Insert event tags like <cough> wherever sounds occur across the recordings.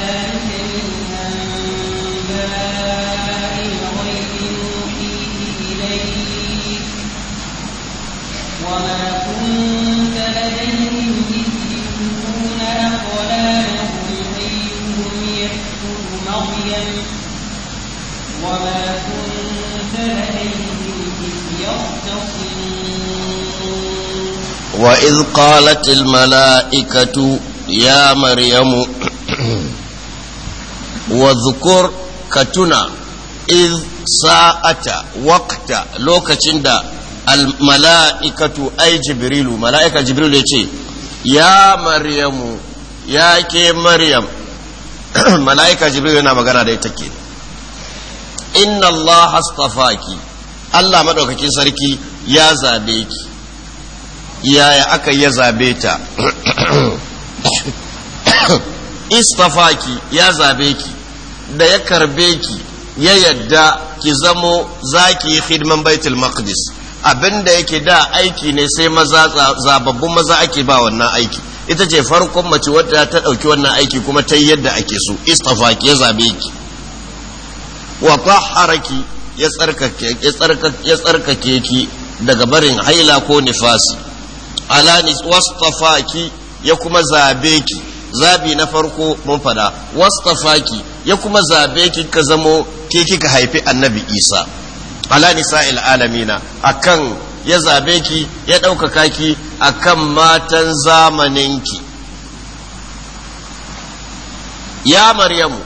ذلك من أنباء الغيب إليك وما كنت لديهم إذ أقوالهم أيهم يكفر وما كنت لديهم إذ يختصمون وإذ قالت الملائكة يا مريم <clears throat> wa Katuna ka iz sa'ata waqta lokacin da mala'ikatu ai jibrilu mala'ika jibrilu ya ce ya maryamu ya ke maryam <clears throat> mala'ika jibrilu yana magana da ita ke inna allaha astafaki allah madaukakin sarki ya zabe ki yaya aka ya zabe ta <clears throat> istafaki ya zabe ki da ya karbe ki ya yadda ki zamo za ki yi hidiman baitul maqdis abinda yake da aiki ne sai maza zababbun maza ake ba wannan aiki ita ce farkon mace wadda ta ɗauki wannan aiki kuma ta yi yadda ake so istafa ki ya zabe ki wa haraki ya tsarkake ya ki daga barin haila ko nifasi ala wasfafaki ya kuma zabe ki zabi na farko mun fada wastafaki ya kuma zabe ki ka zamo ke kika haifi annabi isa ala nisa'il alamina akan ya zabe ki ya ɗaukaka ki akan matan zamaninki ya maryamu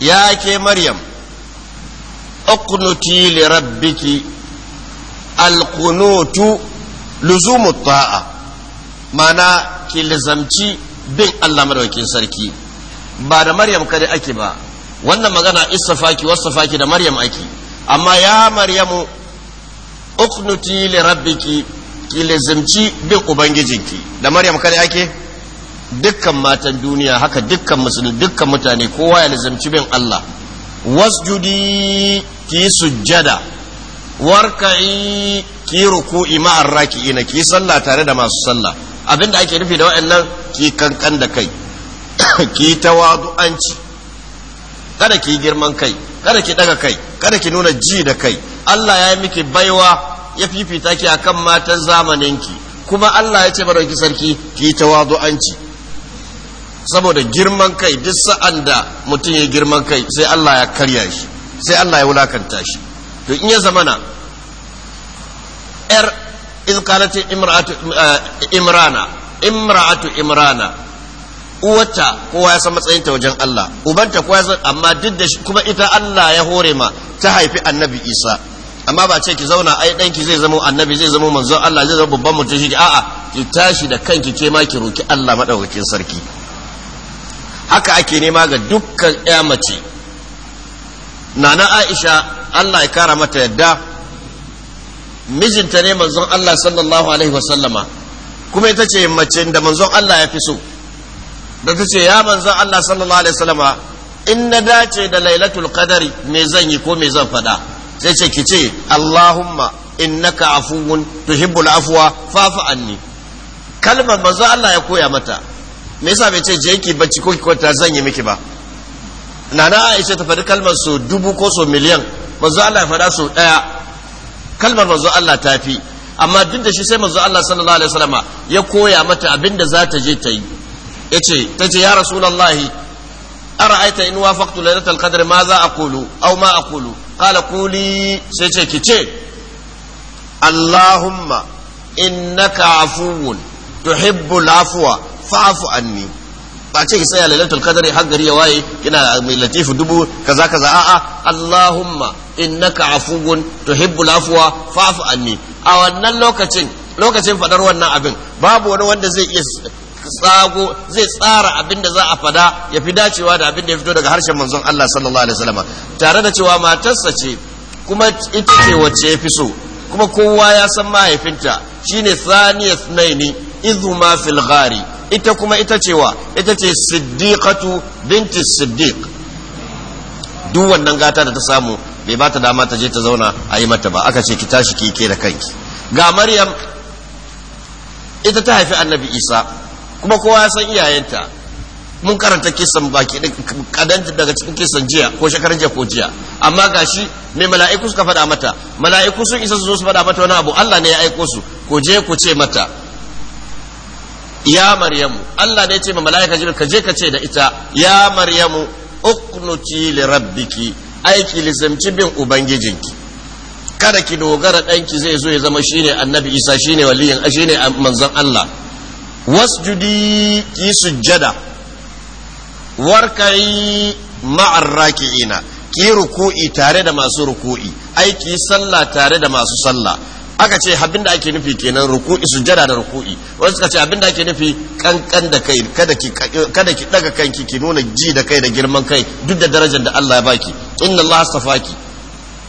ya ke maryam li rabbiki القنوت لزوم ta'a mana ki bin Allah madaukakin sarki ba da Maryam kada ake ba wannan magana isa isafaki wasafaki da Maryam ake amma ya Maryamu uknuti li rabbiki ki lazimci bin ubangijinki da Maryam kada ake dukkan matan duniya haka dukkan musulmi dukkan mutane kowa ya lazimci bin Allah wasjudi ki sujjada warka'i ki ruku'i ma'arraki'ina kiyi ki sallah tare da masu sallah abinda ake nufi da wa'annan ki kankan da kai <coughs> ki tawadu'anci kada ki girman kai kada ki daga kai kada ki nuna ji da kai Allah ya yi miki baiwa ya fifita ki a kan matan zamaninki kuma Allah ya ce barauki sarki ki tawadu'anci saboda girman kai duk sa'an da mutum ya girman kai sai Allah ya karya shi sai Allah ya wulakanta shi to in ya zamana 'yar إذ قالت امرأة إمرانا امرأة إمرانا uwata kowa ya san matsayinta wajen Allah ubanta kowa ya san amma duk da kuma ita Allah ya hore ma ta haifi annabi Isa amma ba ce ki zauna ai danki zai zama annabi zai zama manzo Allah zai zama babban mutum shi a'a ki tashi da kanki ke ma ki roki Allah madaukakin sarki haka ake nema ga dukkan ya mace nana Aisha Allah ya kara mata yadda mijinta ne manzon Allah sallallahu alaihi wasallama kuma ita ce mace da manzon Allah ya fi so da ta ce ya manzon Allah sallallahu alaihi wasallama in na dace da lailatul qadari me zan yi ko me zan faɗa sai ce ki ce Allahumma innaka afuwun tuhibbul afwa fa'fu anni kalmar manzon Allah ya koya mata me yasa bai ce je ki bacci ko ki kwanta zan yi miki ba nana Aisha ta faɗi kalmar su dubu ko su miliyan manzon Allah ya faɗa su ɗaya kalmar manzo Allah ta fi amma duk da shi sai manzo Allah sallallahu alaihi wasallama ya koya mata abinda za ta je ta yi yace tace ya rasulullahi ara'aita in wafaqtu lailatul qadr ma za aqulu aw ma aqulu qala quli sai ce ki ce allahumma innaka afuwun tuhibbul afwa fa'fu anni ba ce ki tsaya lailatul qadri har gari ya waye kina mai latifu dubu kaza kaza a'a allahumma innaka afuwun tuhibbul afwa fa'fu anni a wannan lokacin lokacin fadar wannan abin babu wani wanda zai iya tsago zai tsara abin da za a fada ya fi dacewa da abin da ya fito daga harshen manzon Allah sallallahu alaihi wasallam tare da cewa matarsa ce kuma ita ce wacce ya fi so kuma kowa ya san mahaifinta shine saniyas naini idhu ma fil ghari ita kuma ita cewa ita ce siddiqatu binti siddiq duk wannan gata da ta samu bai ba ta dama ta je ta zauna a yi mata ba aka ce ki tashi ki ke da kanki ga maryam ita ta haifi annabi isa kuma kowa ya san iyayenta mun karanta kisan baki kadan daga cikin kisan jiya ko shekaran jiya ko jiya amma gashi mai mala'iku suka faɗa mata mala'iku sun isa su zo su faɗa mata wani abu Allah ne ya aiko su ko je ku ce mata ya maryamu Allah ne ya ce ma mala'ika jibril ka je ka ce da ita ya maryamu uknuti li rabbiki aiki lizamci bin ubangijinki kada ki dogara ɗanki zai zo ya zama shine annabi isa shine waliyin shine manzon Allah wasjudi ki sujjada warkai ma'ar raki'ina ki ruku'i tare da masu ruku'i aiki sallah tare da masu sallah aka ce abin da ake nufi kenan ruku'i sujada da ruku'i wasu suka ce abin da ake nufi kankan da kai kada ki kada daga kanki ki nuna ji da kai da girman kai duk da darajar da Allah ya baki inna Allah astafaki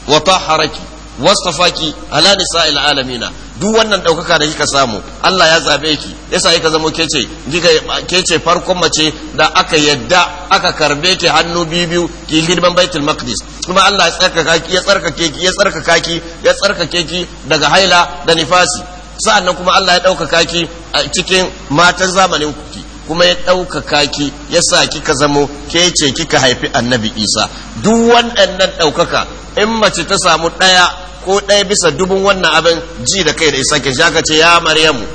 wa taharaki wastafaki ala nisa'il alamina duk wannan daukaka da kika samu Allah ya zabe ki yasa kika zamo kece kika kece farkon mace da aka yadda aka karbe ki hannu biyu biyu ki hidman baitul maqdis kuma Allah ya tsarkaka ki ya tsarkake ki ya tsarkaka ki ya tsarkake ki daga haila da nifasi sa'annan kuma Allah ya daukaka ki a cikin matan zamanin ku kuma ya ɗaukaka ki ya sa kika zamo ke ce kika haifi annabi isa duk waɗannan ɗaukaka in mace ta samu ɗaya ko ɗaya bisa dubun wannan abin ji da kai da isa ke shaka ce ya maryamu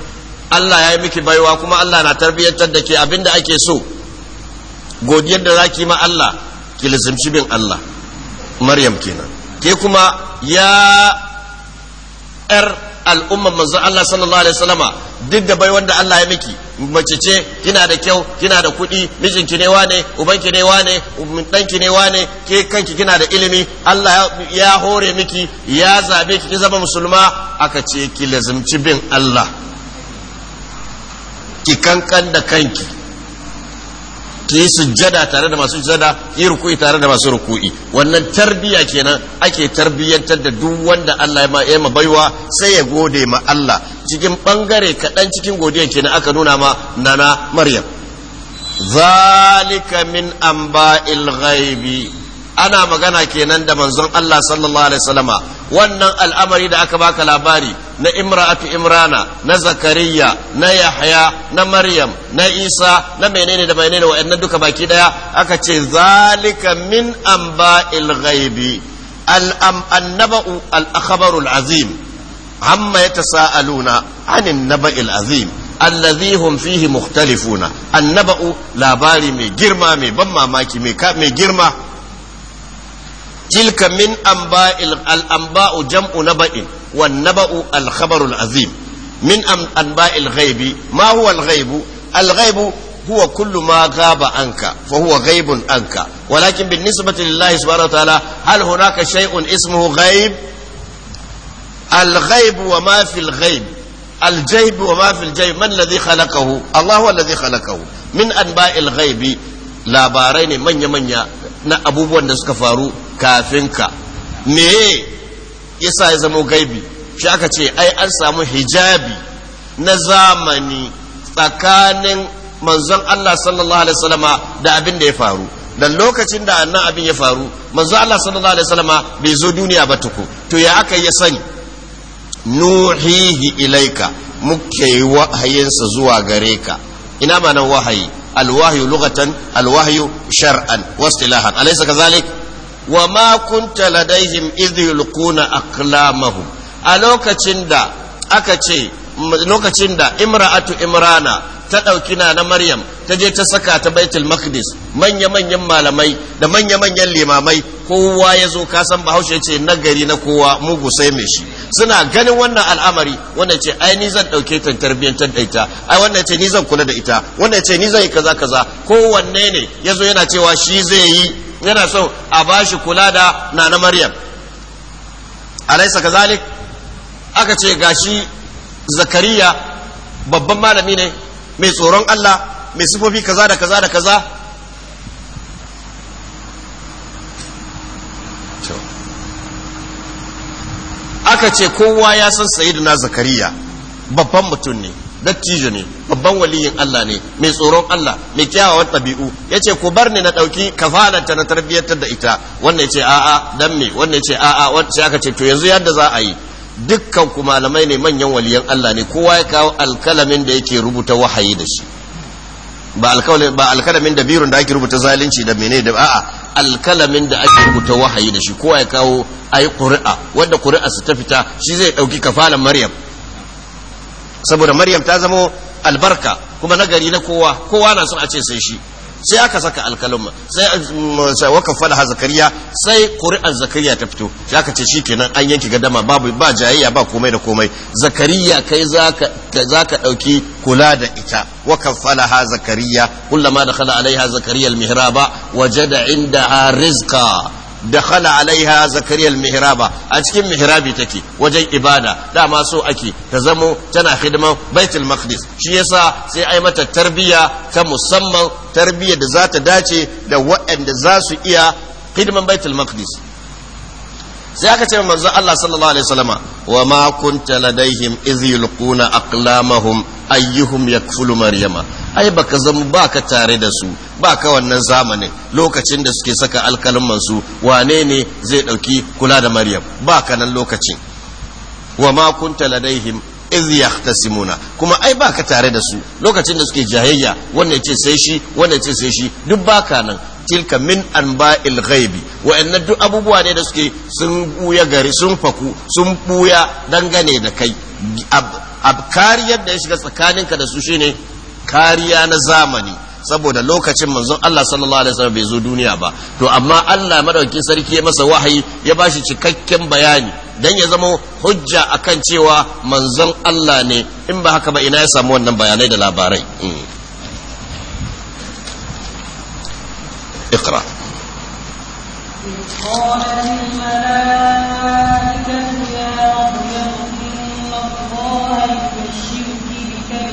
allah ya yi miki baiwa kuma allah na tarbiyyantar da ke abin da ake so godiyar da za zaki ma allah ki lizimci bin allah maryam kenan ke kuma ya 'yar al'umman manzon Allah sallallahu alaihi wasallama duk da bai wanda Allah ya miki mace ce kina da kyau kina da kuɗi mijinki ne wane ubanki ne wane um, ɗanki ne wane ke kanki kina da ilimi Allah ya hore miki ya zabe ki ki zama musulma aka ce ki lazimci bin Allah ki kankan da kanki ta yi sujjada tare da masu sujjada yi ruku'i tare da masu ruku'i wannan tarbiyya kenan ake tarbiyyantar da duk wanda Allah ya ma ma baiwa sai ya gode ma Allah cikin bangare kaɗan cikin godiyar kenan aka nuna ma nana Maryam zalika min amba'il ghaibi ana magana kenan da manzon Allah sallallahu alaihi wasallama wannan al'amari da aka baka labari na imra'atu imrana na zakariya na yahya na maryam na isa na menene da menene wa'annan duka baki daya aka ce zalika min amba'il ghaibi al-am annaba'u al-akhbaru al-azim amma yatasaaluna 'anil naba'il azim allazi hum fihi mukhtalifuna annaba'u labari mai girma mai ban mamaki mai girma tilka min al-anba'u jam'u naba'in wan naba'u al-khabarul azim min anba'il ghaibi ma huwa al-ghaibu al-ghaibu هو كل ما غاب عنك فهو غيب عنك ولكن بالنسبة لله سبحانه وتعالى هل هناك شيء اسمه غيب wa ma في الغيب الجيب وما في الجيب من الذي خلقه الله هو الذي خلقه من أنباء الغيب labarai ne manya-manya na abubuwan da suka faru kafin ka ya yasa ya zama gaibi shi aka ce ai an samu hijabi na zamani tsakanin manzon Allah sallallahu alaihi wasallama da abin da ya faru da lokacin da annan abin ya faru manzon Allah sallallahu alaihi wasallama bai zo duniya ba tuku to ya aka ya sani nuhihi ilaika muke wahayinsa zuwa gare ka ina ma nan wahayi alwahyu lughatan alwahyu shar'an wastilahan alaysa kadhalik wa ma kunta ladaihim idh yulquna aqlamahum a lokacin da aka ce lokacin da imra'atu imrana ta ɗauki na na maryam ta je ta saka ta baitul maqdis manya-manyan malamai da manya-manyan limamai kowa ya zo kasan bahaushe ce na gari na kowa mugu sai mai shi suna ganin wannan al'amari wannan ce ai ni zan ɗauke ta tarbiyyantar da ita ai wannan ce ni zan kula da ita wannan ce ni zan yi kaza kaza kowanne ne yazo yana cewa shi zai yi yana so a bashi kula da nana maryam alaisa zalik aka ce gashi zakariya babban malami ne mai tsoron allah mai sifofi kaza da kaza da kaza aka ce kowa ya san sayidina zakariya babban mutum ne dattijo ne babban waliyin Allah ne mai tsoron Allah mai kyawawan ɗabi'u yace ku bar ni na ɗauki ta na tarbiyyar da ita wannan yace a'a dan me wannan yace a'a wacce aka ce to yanzu yadda za a yi dukkan ku malamai ne manyan waliyan Allah ne kowa ya kawo alkalamin da yake rubuta wahayi da shi ba alkalamin ba alkalamin da birun da ake rubuta zalunci da menene da a'a alkalamin da ake rubuta wahayi da shi kowa ya kawo ayi qur'a wanda qur'a su ta fita shi zai dauki kafalan maryam saboda maryam ta zamo albarka kuma nagari na kowa kowa na son a ce sai shi sai aka saka alkalma sai mm, wakafa da zakariya sai ƙuri'ar zakariya ta fito sai aka ce shi kenan an yanki gadama babu ba jayayya ba komai da komai zakariya kai za ka ɗauki kula da ita wakafa ha zakariya kullama da khala alaiha zakariya almihraba wajada inda rizqa dakhala alaiha zakariya Mihiraba a cikin mihrabi take wajen ibada dama so ake ta zamo tana hidiman baitul maqdis shi yasa sai ai mata tarbiyya ta musamman tarbiyya da za ta dace da waɗanda za su iya hidiman baitul sai aka ce manzon Allah sallallahu alaihi wasallama wa ma kunta ladaihim iz yulquna aqlamahum ayyuhum yakfulu maryama ai baka zama baka tare da su baka wannan zamanin lokacin da suke saka alkalman su wane ne zai dauki kula da maryam baka nan lokacin wa ma kunta ladaihim iz yahtasimuna kuma ai baka tare da su lokacin da suke jahayya wannan ce sai shi wannan ce sai shi duk baka nan tilka min anba'il ghaibi inna duk abubuwa ne da suke sun buya gari sun faku sun buya dangane da kai ab kariyar da ya shiga tsakaninka da su shine kariya na zamani saboda lokacin manzon Allah sallallahu alaihi wasallam bai zo duniya ba to amma Allah madaukin sarki ya masa wahayi ya bashi cikakken bayani dan ya zama hujja akan cewa manzon Allah ne in ba haka ba ina ya samu wannan bayanai da labarai hmm. اقرأ قال يا إن الله بكلمة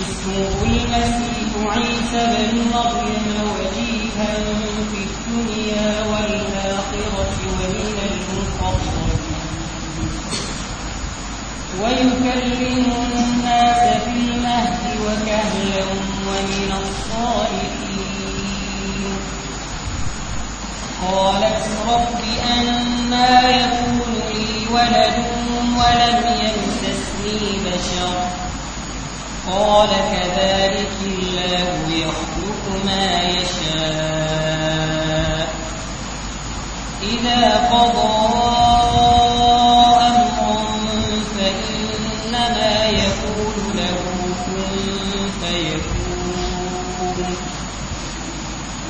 اسمه المسيح عيسى بن مريم وجيها في الدنيا والآخرة ومن المقربين ويكلم الناس في المهد وكهلا ومن الصالحين قالت رب أنا يكون لي ولد ولم يمسسني بشر قال كذلك الله يخلق ما يشاء إذا قضى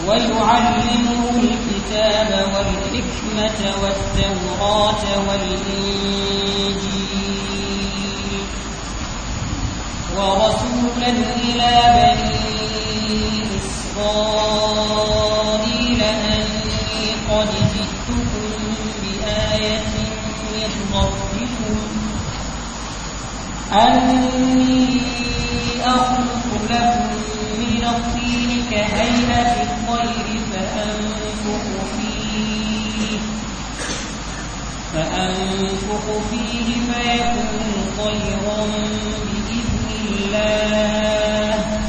ويعلمه الكتاب والحكمة والتوراة والإنجيل ورسولا إلى بني إسرائيل أني قد جئتكم بآية من ربكم أني أخلق لكم من الطين كهيئة الطير فأنفخ فيه فيكون طيرا بإذن الله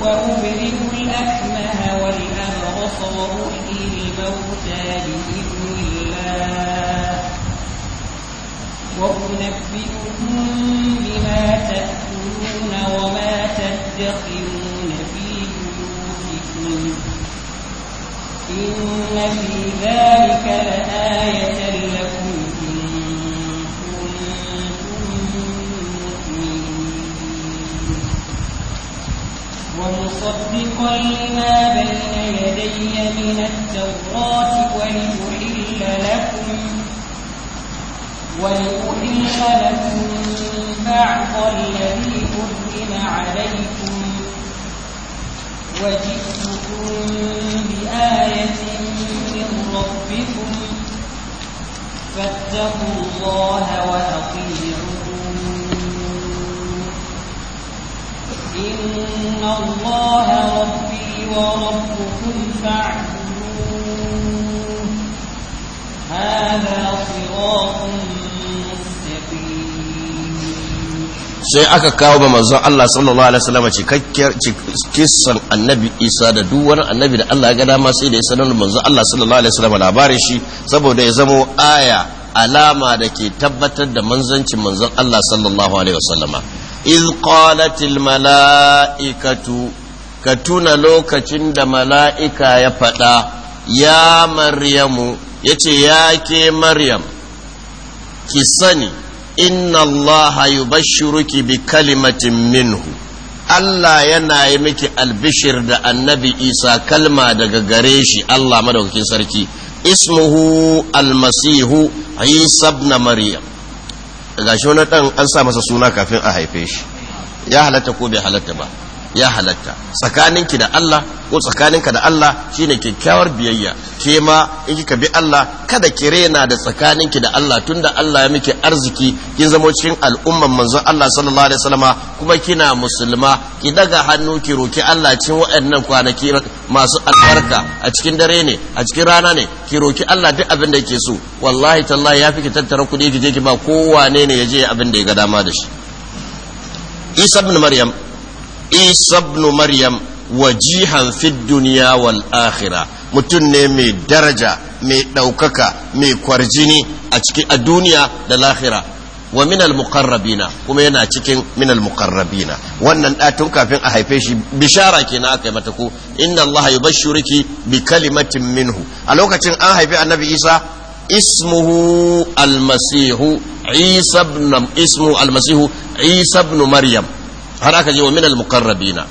وأبرئ الأكمه والأبرص وأحيي الموتى بإذن الله وأنبئكم بما تأكلون وما تدخرون في بيوتكم إن في ذلك لآية لكم كنتم مؤمنين ومصدقا لما بين يدي من التوراة ولأحل لكم ولأحل لكم بعض الذي كرم عليكم وجئتكم بآية من ربكم فاتقوا الله وأطيعون إن الله ربي وربكم فاعبدوه هذا صراط sai aka kawo ba manzon Allah sallallahu alaihi wasallam cikakkiyar kissan annabi Isa da duk wani annabi da Allah ya ga dama sai da ya sanar da manzon Allah sallallahu alaihi wasallam labarin shi saboda ya zamo aya alama da ke tabbatar da manzancin manzon Allah sallallahu alaihi wasallam iz qalatil mala'ikatu ka tuna lokacin da mala'ika ya faɗa ya maryamu yace ya ke maryam ki sani inna allaha yubashshiruki bi kalimatin minhu Allah yana yi miki albishir da annabi Isa kalma daga gare shi Allah madaukakin sarki ismuhu almasihu Isa ibn Maryam gashi wani dan an sa masa suna kafin a haife shi ya halatta ko bai halatta ba ya halatta tsakaninki da Allah ko tsakaninka da Allah shine kyakkyawar biyayya ke ma in kika bi Allah kada ki rena da tsakaninki da Allah tunda Allah ya miki arziki kin zama cikin al'umman manzon Allah sallallahu alaihi wasallama kuma kina musulma ki daga hannu ki roki Allah cikin waɗannan kwanaki masu albarka a cikin dare ne a cikin rana ne ki roki Allah duk abin da yake so wallahi tallahi ya fi ki tattara kudi ki je ki ba kowane ne ya je abin da ya ga dama da shi Isa ibn Maryam isa ibn maryam wajihan fid duniya wal akhira mutum ne mai daraja mai ɗaukaka mai kwarjini a cikin a duniya da lahira wa minal muqarrabina kuma yana cikin minal muqarrabina wannan ɗatun kafin a haife shi bishara kenan aka yi mata ko inna allaha yubashshiruki bi kalimatin minhu a lokacin an haifi annabi isa ismuhu almasihu isa ibn ismuhu almasihu isa ibn maryam har aka je wa minal muqarrabina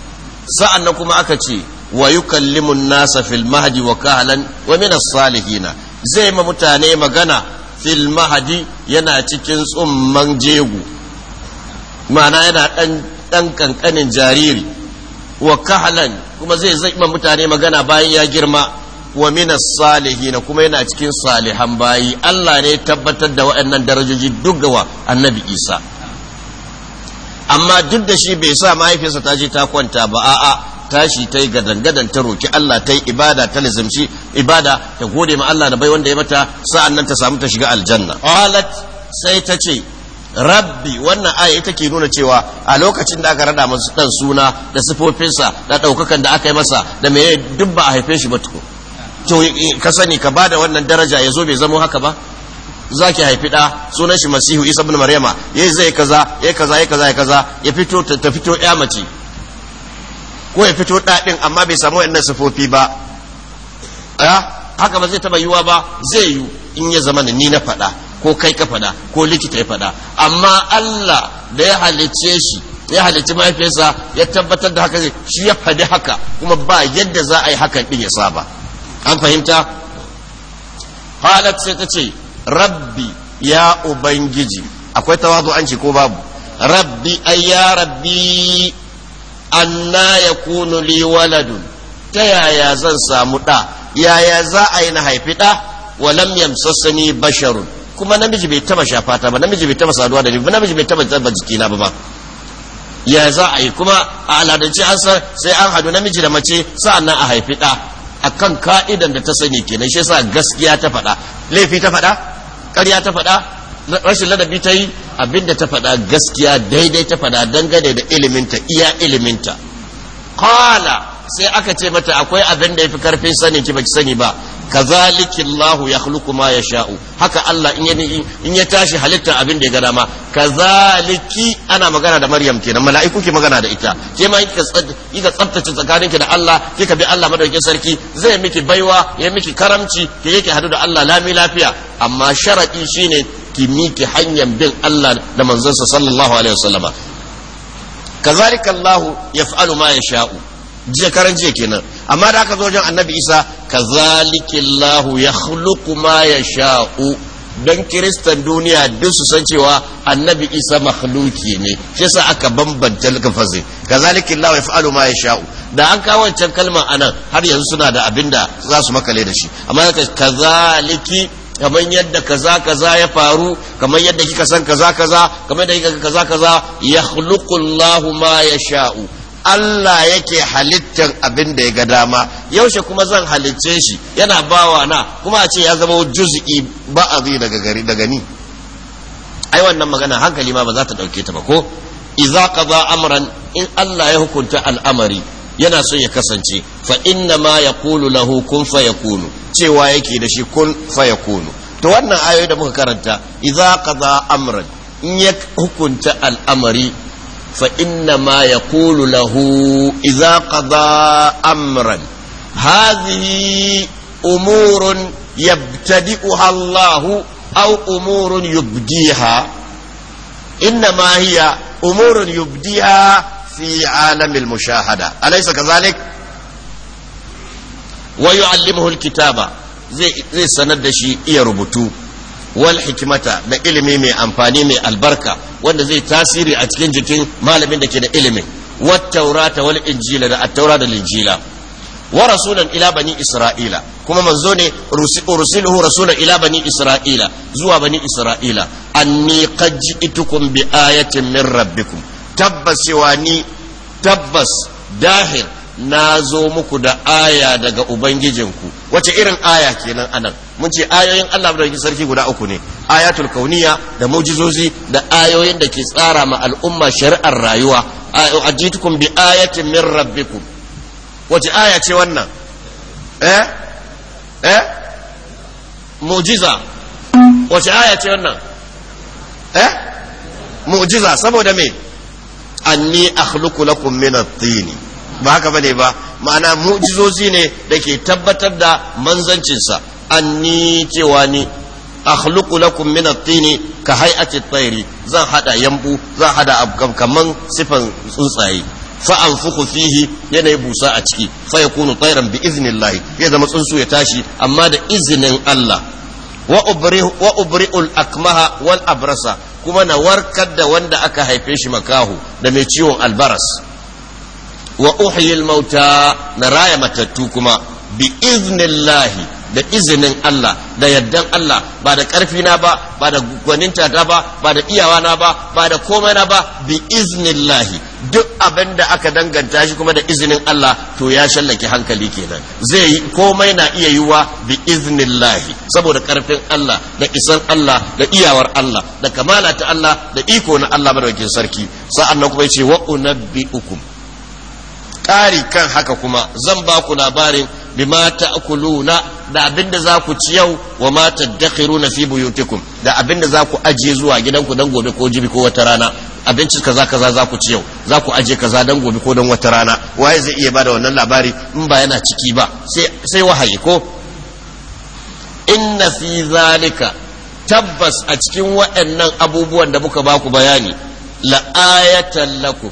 sa'annan kuma aka ce wa yukallimu nasa fil mahdi wa kahlan wa as salihina zai ma mutane magana fil mahdi yana cikin tsumman jego ma'ana yana dan dan kankanin jariri wa kahlan kuma zai zai ma mutane magana bayan ya girma wa as salihina kuma yana cikin salihan bayi Allah ne tabbatar da waɗannan darajoji duk ga annabi Isa amma duk da shi bai sa mahaifinsa ta je ta kwanta ba a'a tashi ta yi gadangadan ta roki Allah ta yi ibada ta lizimci ibada ta gode ma Allah da bai wanda ya mata sa'an nan ta samu ta shiga aljanna qalat sai ta ce rabbi wannan aya ita ke nuna cewa a lokacin da aka rada masa dan suna da sifofinsa da ɗaukakan da aka yi masa da me duk ba a haife shi ba to ka sani ka bada wannan daraja ya zo bai zamo haka ba za ki haifi ɗa sunan shi masihu isa bin maryama yayi zai kaza ya kaza ya kaza ya kaza ya fito ta fito ya mace ko ya fito ɗaɗin amma bai samu wannan sifofi ba haka ba zai taba yiwa ba zai yi in ya zama ni na faɗa ko kai ka faɗa ko likita ya faɗa amma Allah da ya halicce shi ya halicci mahaifiyarsa ya tabbatar da haka shi ya faɗi haka kuma ba yadda za a yi hakan ɗin ya saba an fahimta halat sai ta ce rabbi ya ubangiji akwai tawadu'anci ko babu rabbi ay ya rabbi anna yakunu li waladun ta yaya zan samu da yaya za a yi na haifi da walam yamsassani basharun kuma namiji bai taba ta ba namiji bai taba saduwa da ni ba namiji bai taba taba jikina ba ba ya za a yi kuma a aladance an san sai an hadu namiji da mace sa'annan a haifi da akan ka'idan da ta sani kenan shi yasa gaskiya ta faɗa laifi ta faɗa ƙarya ta faɗa rashin ladabi ta yi abinda ta faɗa gaskiya daidai ta faɗa dangane da iliminta iya iliminta kala sai aka ce mata akwai abin da fi karfin sani ki baki sani ba kazalikillahu yakhluqu ma sha'u haka Allah in ya tashi halitta abin da ya ga dama kazaliki ana magana da Maryam kenan mala'iku ke magana da ita ke ma kika tsaftace tsakaninki da Allah kika bi Allah madaukakin sarki zai miki baiwa ya miki karamci ke yake hadu da Allah lami lafiya amma sharadi shine ki miki hanyar bin Allah da manzonsa sallallahu alaihi wasallama kazalika Allah yaf'alu ma sha'u. jiya karan jiya kenan amma da aka zo wajen annabi isa kazalikilahu ya khluqu ya sha'u don kiristan duniya duk su san cewa annabi isa makhluki ne shi sa aka bambanta lafazin ya yaf'alu ma ya sha'u. da an kawo wancan kalma anan har yanzu suna da abinda za su makale da shi amma kazaliki kamar yadda kaza kaza ya faru kamar yadda kika san kaza kaza kamar yadda kika kaza kaza ya lahuma ya sha'u. Allah yake halittar abin da ya ga dama yaushe kuma zan halicce shi yana bawa na kuma a ce ya zama juz'i ba a daga gari daga ni ai wannan magana hankali ma ba za ta dauke ta ba ko iza qada amran in Allah ya hukunta al'amari yana so ya kasance fa inna ma yaqulu lahu kun fayakunu cewa yake da shi kun fayakunu to wannan ayoyi da muka karanta iza qada amran in ya hukunta al'amari fa inna ma yaqulu lahu idza qada amran hadhihi umurun yabtadi'uha Allah au umurun yubdiha inna ma yubdiha في عالم المشاهدة أليس كذلك ويعلمه الكتابة زي, زي سند شيء يربطوه wal hikimata da ilimi mai amfani mai albarka wanda zai tasiri a cikin jikin malamin da ke da ilimi wat taurata wal injila da at-taura da injila wa rasulan ila bani isra'ila kuma manzo ne rusiluhu rasulan ila bani isra'ila zuwa bani isra'ila anni qad ji'tukum bi ayatin min rabbikum tabbas cewa ni tabbas dahir na zo muku da aya daga ubangijinku wace irin aya kenan anan mun ce ayoyin Allah da sarki guda uku ne ayatul kauniya da mujizozi da ayoyin da ke tsara ma al'umma shari'ar rayuwa ajitukum bi ayatin min rabbikum wace aya ce wannan eh eh mujiza wace aya ce wannan eh mujiza saboda me anni akhluqu lakum min at-tini ba haka bane ba ma'ana mu'jizozi ne da ke tabbatar da manzancinsa an ni cewa ni akhluqu lakum min at-tini ka hay'ati at-tayri zan hada yambu zan hada abkam kaman sifan tsuntsaye fa anfukhu fihi yana busa a ciki fa yakunu tayran bi iznillahi ya zama tsuntsu ya tashi amma da izinin Allah wa ubrihu wa ubri'ul akmaha wal kuma na warkar da wanda aka haife shi makahu da mai ciwon albaras wa uhyil mauta na raya matattu kuma bi iznillahi da izinin Allah da yardan Allah ba da karfi na ba ba da gwaninta ta ba ba da iyawa na ba ba da komai na ba bi iznillahi duk abinda aka danganta shi kuma da izinin Allah to ya shallake hankali kenan zai yi komai na iya yiwa bi iznillahi saboda karfin Allah da isan Allah da iyawar Allah da kamala ta Allah da iko na Allah madaukakin sarki sa'annan kuma yace wa unabbiukum ƙari kan haka kuma zan ba ku labarin bima ta'kuluna da abinda za ku ci yau wa ma na fi buyutikum da abinda za ku ajiye zuwa gidanku dan gobe ko jibi ko wata rana abinci kaza kaza za ku ci yau za ku aje kaza dan gobe ko don wata rana waye zai iya bada wannan labari in ba yana ciki ba sai wahayi ko inna fi zalika tabbas a cikin waɗannan abubuwan da muka ba ku bayani la ayatan lakum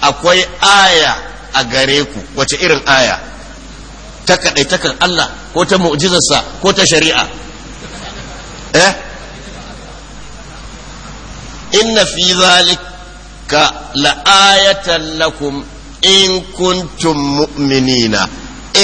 akwai aya a gare ku wace irin aya ta kaɗaitakan Allah ko ta mu'jizarsa ko ta shari'a eh inna fi zalika la'ayatan lakum in kuntum mu'minina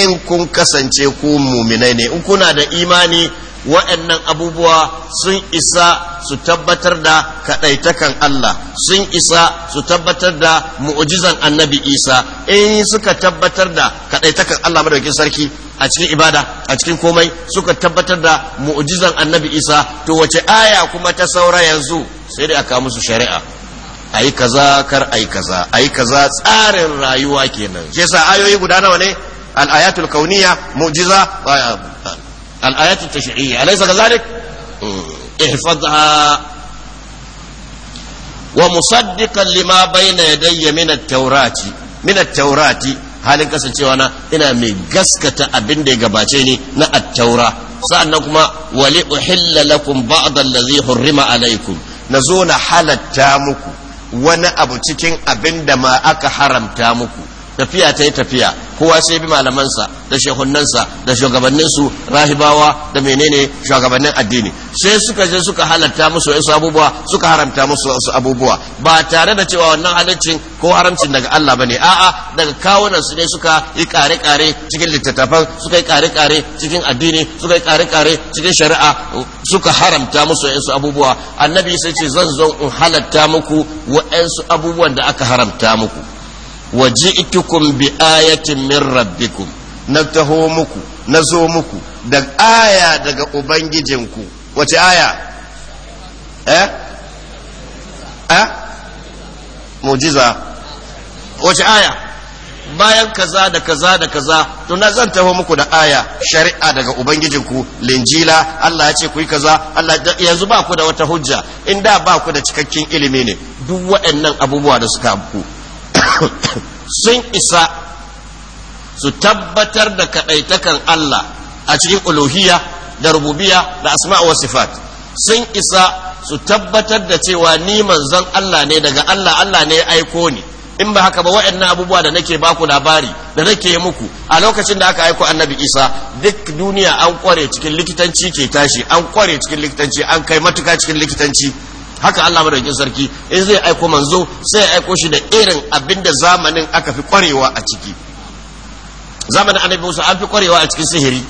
in kun kasance ku mu'minai ne in kuna da imani waɗannan abubuwa sun isa su tabbatar da kaɗaitakan Allah sun isa su tabbatar da mu'ujizan annabi Isa in suka tabbatar da kaɗaitakan Allah madaukin sarki a cikin ibada a cikin komai suka tabbatar da mu'ujizan annabi Isa to wace aya kuma ta saura yanzu sai dai aka musu shari'a ayi kaza kar ayi kaza ayi kaza tsarin rayuwa kenan shi yasa ayoyi guda nawa ne al-ayatul kauniyya mu'jiza الآيات التشريعية أليس كذلك؟ احفظها ومصدقا لما بين يدي من التوراة من التوراة halin kasancewa na ina mai gaskata abin da ya gabace ni na attaura sa'annan kuma wali uhilla lakum ba'd allazi hurrima alaikum na zo na halatta muku wani abu cikin abin da ma aka haramta muku tafiya ta yi tafiya kowa sai bi malamansa da shehunnansa da shugabanninsu rahibawa da menene shugabannin addini sai suka je suka halatta musu wasu abubuwa suka haramta musu wasu abubuwa ba tare da cewa wannan halaccin ko haramcin daga Allah bane a'a daga kawunan su ne suka yi kare kare cikin littattafan suka yi kare kare cikin addini suka yi kare kare cikin shari'a suka haramta musu wasu abubuwa annabi sai ce zan zo in halatta muku wa'ansu abubuwan da aka haramta muku waji'tukum bi ayatin min rabbikum na taho muku na zo muku da aya daga ubangijinku wace aya eh eh mujiza wace aya bayan kaza da kaza da kaza to na zan taho muku da aya shari'a daga ubangijinku linjila Allah ya ce ku yi kaza Allah yanzu ba ku da wata hujja in da ba ku da cikakken ilimi ne duk waɗannan abubuwa da suka ku sun isa su tabbatar da kaɗaitakan Allah a cikin uluhiya da rububiya da asma'a wa sifat sun isa su tabbatar da cewa ni manzon Allah ne daga Allah Allah ne ya aiko ni in ba haka ba waɗannan abubuwa da nake baku labari da nake muku a lokacin da aka aiko annabi isa duk duniya an kware cikin likitanci ke tashi an kware cikin likitanci an kai matuka cikin likitanci haka Allah madaukakin sarki in zai aiko manzo sai aiko shi da irin abinda zamanin aka fi kwarewa a ciki zamanin annabi Musa an fi kwarewa a cikin sihiri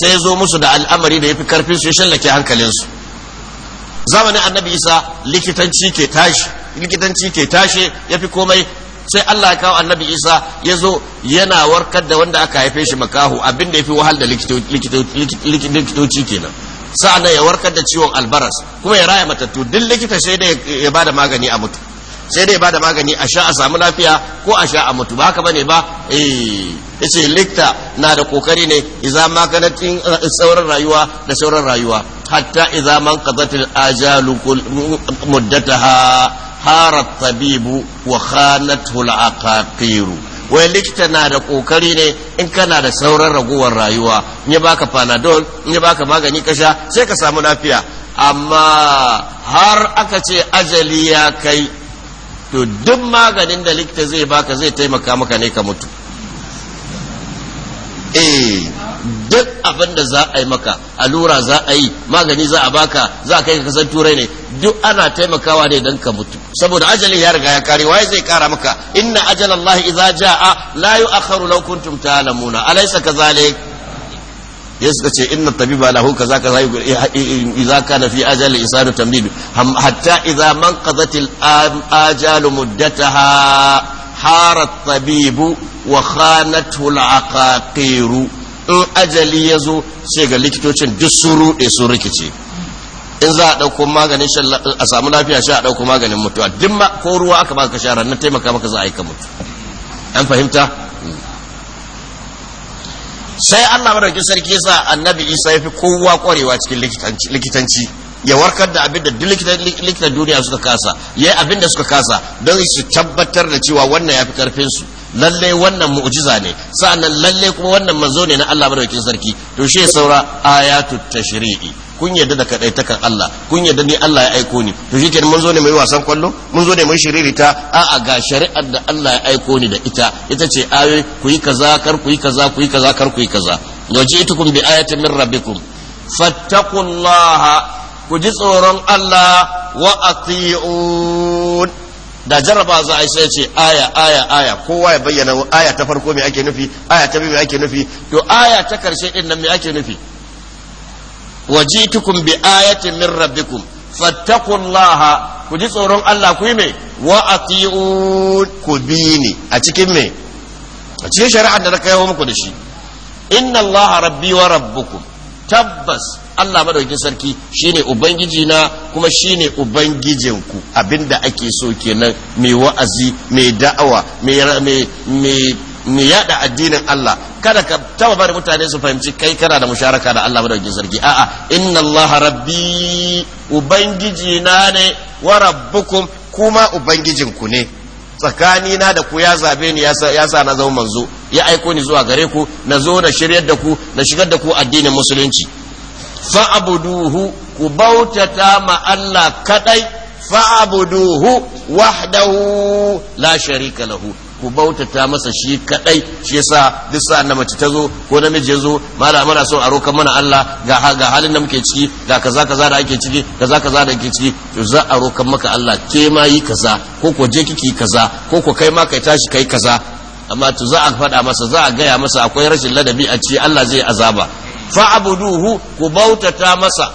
sai ya zo musu da al'amari da ya fi karfin su ya shallake hankalinsu zamanin annabi Isa likitanci ke tashi likitanci ke tashi ya fi komai sai Allah ya kawo annabi Isa ya zo yana warkar da wanda aka haife shi makahu abinda ya fi wahal da likitoci kenan sa'annan ya warkar da ciwon albaras kuma ya raya matattu duk likita sai dai ya bada magani a mutu sai dai ya bada magani a sha a samu lafiya ko a sha a mutu ba haka bane ba eh yace likita na da kokari ne idza makanatin eh, sauran rayuwa da sauran rayuwa hatta idza man qadatil ajalu muddataha harat tabibu wa khanathu aqaqiru wai likita na da kokari ne in kana da sauran raguwar rayuwa in ya baka panadol in ya baka magani ka sha sai ka samu lafiya amma har aka ce ajali ya kai to duk maganin da likita zai baka zai taimaka maka ne ka mutu eh duk abin da za a yi maka allura za a yi magani za a baka za a kai ka kasan turai ne duk ana taimakawa ne don ka mutu saboda ajalin ya riga ya kare waye zai kara maka inna ajalallahi idza jaa la yu'akhkharu law kuntum ta'lamuna alaysa kadhalik ya suka ce inna tabiba lahu kaza kaza idza kana fi ajal isanu tamdid hatta idza manqadat ajalu muddataha حار الطبيب وخانته العقاقير in ajali ya zo sai ga likitocin duk sun ruɗe sun rikice in za a ɗauko maganin a samu lafiya sha a ɗauko maganin mutuwa duk ma ko ruwa aka baka shara na taimaka maka za a aika mutu an fahimta sai Allah madaukakin sarki yasa annabi Isa ya fi kowa kwarewa cikin likitanci ya warkar da abin da likitan duniya suka kasa ya yi abin da suka kasa don su tabbatar da cewa wannan ya fi karfin su lalle wannan mu'jiza ne sa'annan lalle kuma wannan manzo ne na Allah madaukakin sarki to shi saura ayatut tashri'i kun yadda da kadai ta kan Allah kun yadda ni Allah ya aiko ni to shi kenan mun zo ne mai wasan kwallo mun zo ne mai shiririta a'a ga shari'ar da Allah ya aiko ni da ita ita ce ayoyi ku yi kaza kar ku yi kaza ku yi kaza kar ku yi kaza yau itukum bi ayatin min rabbikum fattaqullaha ku ji tsoron Allah wa ati'un da jarraba za a yi sai ce aya aya aya kowa ya bayyana aya ta farko me ake nufi aya ta biyu me ake nufi to aya ta karshe din nan me ake nufi wajitukum bi ayatin min rabbikum fattaqullaha ku ji tsoron Allah ku yi me wa ati'un ku bi ni a cikin me a cikin shari'ar da na kai muku da shi inna allaha rabbi wa rabbukum tabbas Allah madaukin sarki shine ubangiji na kuma shine ubangijin ku abinda ake so kenan mai wa'azi mai da'awa mai yada addinin Allah kada ka taba bari mutane su fahimci kai kana da musharaka da Allah madaukin sarki a'a inna Allah rabbi ubangiji na ne wa rabbukum kuma ubangijinku ne tsakani na da ku ya zabe ni ya sa na zama manzo ya aiko ni zuwa gare ku na zo na shiryar da ku na shigar da ku addinin musulunci fa'abuduhu ku bautata ma Allah kadai fa'abuduhu wahdahu la sharika lahu ku bautata masa shi kadai shi yasa duk sa'an da mace ta zo ko namiji ya zo mala muna so a rokan mana Allah ga ga halin da muke ciki ga kaza kaza da ake ciki kaza kaza da ake ciki to za a rokan maka Allah ke ma yi kaza ko ko je kiki kaza ko ko kai ma kai tashi kai kaza amma tu za a faɗa masa za a gaya masa akwai rashin ladabi a ce Allah zai azaba abuduhu ku bautata masa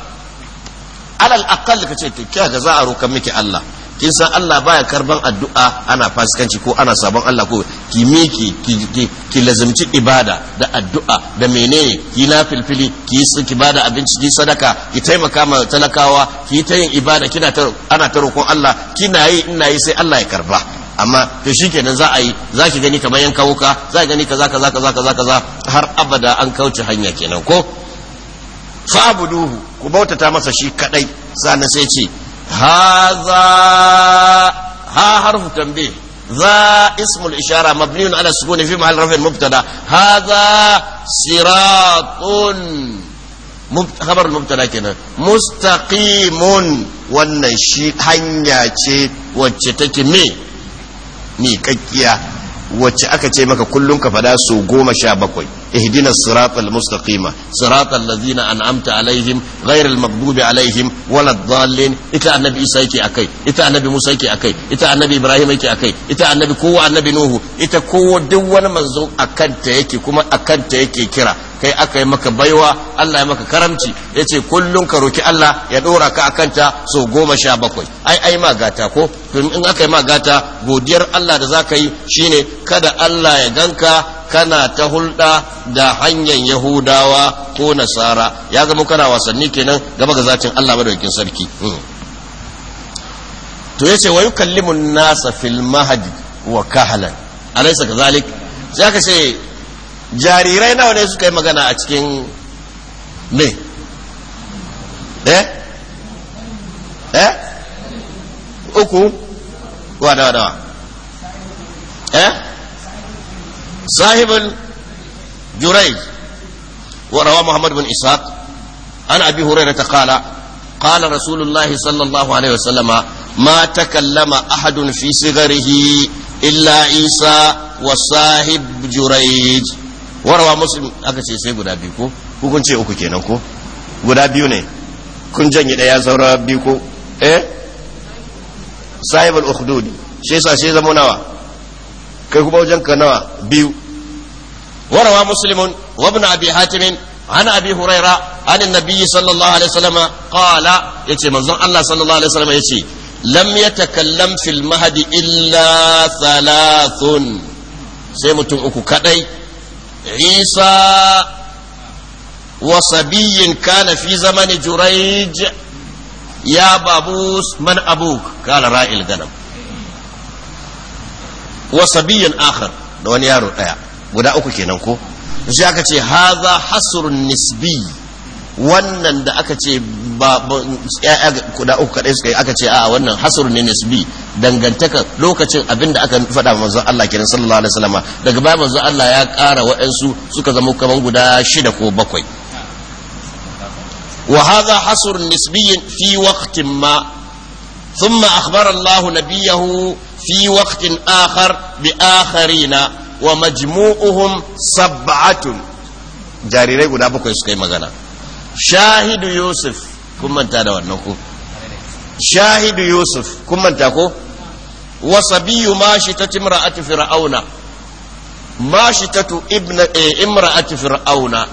alal aqall kace to kiya za a roka miki Allah kin san Allah baya karban addu'a ana fasikanci ko ana sabon Allah ko ki miki ki ki lazimci ibada da addu'a da menene ki na filfili ki su ki bada abinci ki sadaka ki taimaka ma talakawa ki ta yin ibada kina ta ana ta roƙon Allah kina yi ina yi sai Allah ya karba amma to shikenan za a yi za ki gani kamar yanka wuka za ki gani kaza kaza kaza kaza kaza har abada an kauce hanya kenan ko fa'buduhu ku bautata masa shi kadai sannan sai ce haza ha harfu tambayi ذا اسم الإشارة مبني على السكون في محل رفع المبتدا هذا صراط خبر المبتدا كده مستقيم wannan shi hanya ce wacce take me miƙaƙƙiya wacce aka ce maka kullum ka faɗa su goma sha bakwai ihdinas siratal mustaqima siratal ladzina an'amta alaihim ghairil maghdubi alaihim waladdallin ita annabi isa yake akai ita annabi musa yake akai ita annabi ibrahim yake akai ita annabi kowa annabi nuhu ita kowa duk wani manzo akan ta yake kuma akan ta yake kira kai aka yi maka baiwa Allah ya maka karamci ya ce kullum ka roki Allah ya ɗora ka a kanta so goma sha bakwai ai ai ma gata ko domin in aka yi ma gata godiyar Allah da za ka yi shine kada Allah ya ganka kana ta hulɗa da hanyar yahudawa ko nasara ya zama kana wasanni kenan gaba ga zatin Allah madaukakin sarki hmm. to yace wa yukallimun nasa fil mahdi wa kahalan alaysa kazalik sai aka ce jarirai nawa ne suka yi magana a cikin me eh eh uku wada wada eh sahibul jurai وروى محمد بن إسحاق عن أبي هريرة قال قال رسول الله صلى الله عليه وسلم ما تكلم أحد في صغره إلا عيسى وصاحب جريج warawa muslim aka ce sai guda biyu ko kun ce uku kenan ko guda biyu ne kun janye daya saura biyu ko eh sahib ukhdud shi yasa sai zama nawa kai kuma wajen ka nawa biyu warawa muslimun wa ibn abi hatim عن ابي هريره عن النبي صلى الله عليه وسلم قال يتي منزون الله صلى الله عليه وسلم يتي لم يتكلم في المهد sai mutum uku kadai isa wasabiyin sabiyin kana fi zamani jurayj ya babus man abuk kala ra'il ganam wa akhar da wani yaro ɗaya guda uku kenan ko shi aka ce haza hasrun nisbi wannan da aka ce ba ya'ya guda uku kaɗai suka yi aka ce a wannan hasr ne nisbi dangantaka lokacin abinda aka faɗa manzo Allah kiran sallallahu alaihi wasallam daga baya manzo Allah ya ƙara waɗansu suka zama kaman guda shida ko bakwai wa hadha hasr nisbi fi waqtin ma ثم أخبر الله نبيه في وقت آخر wa ومجموعهم سبعة jarirai guda bakwai suka yi magana shahidu yusuf kun manta da wannan ko shahidu yusuf kun manta ko wa sabiyu mashi ta timra'atu fir'auna mashi ta tu ibna eh, imra'atu fir'auna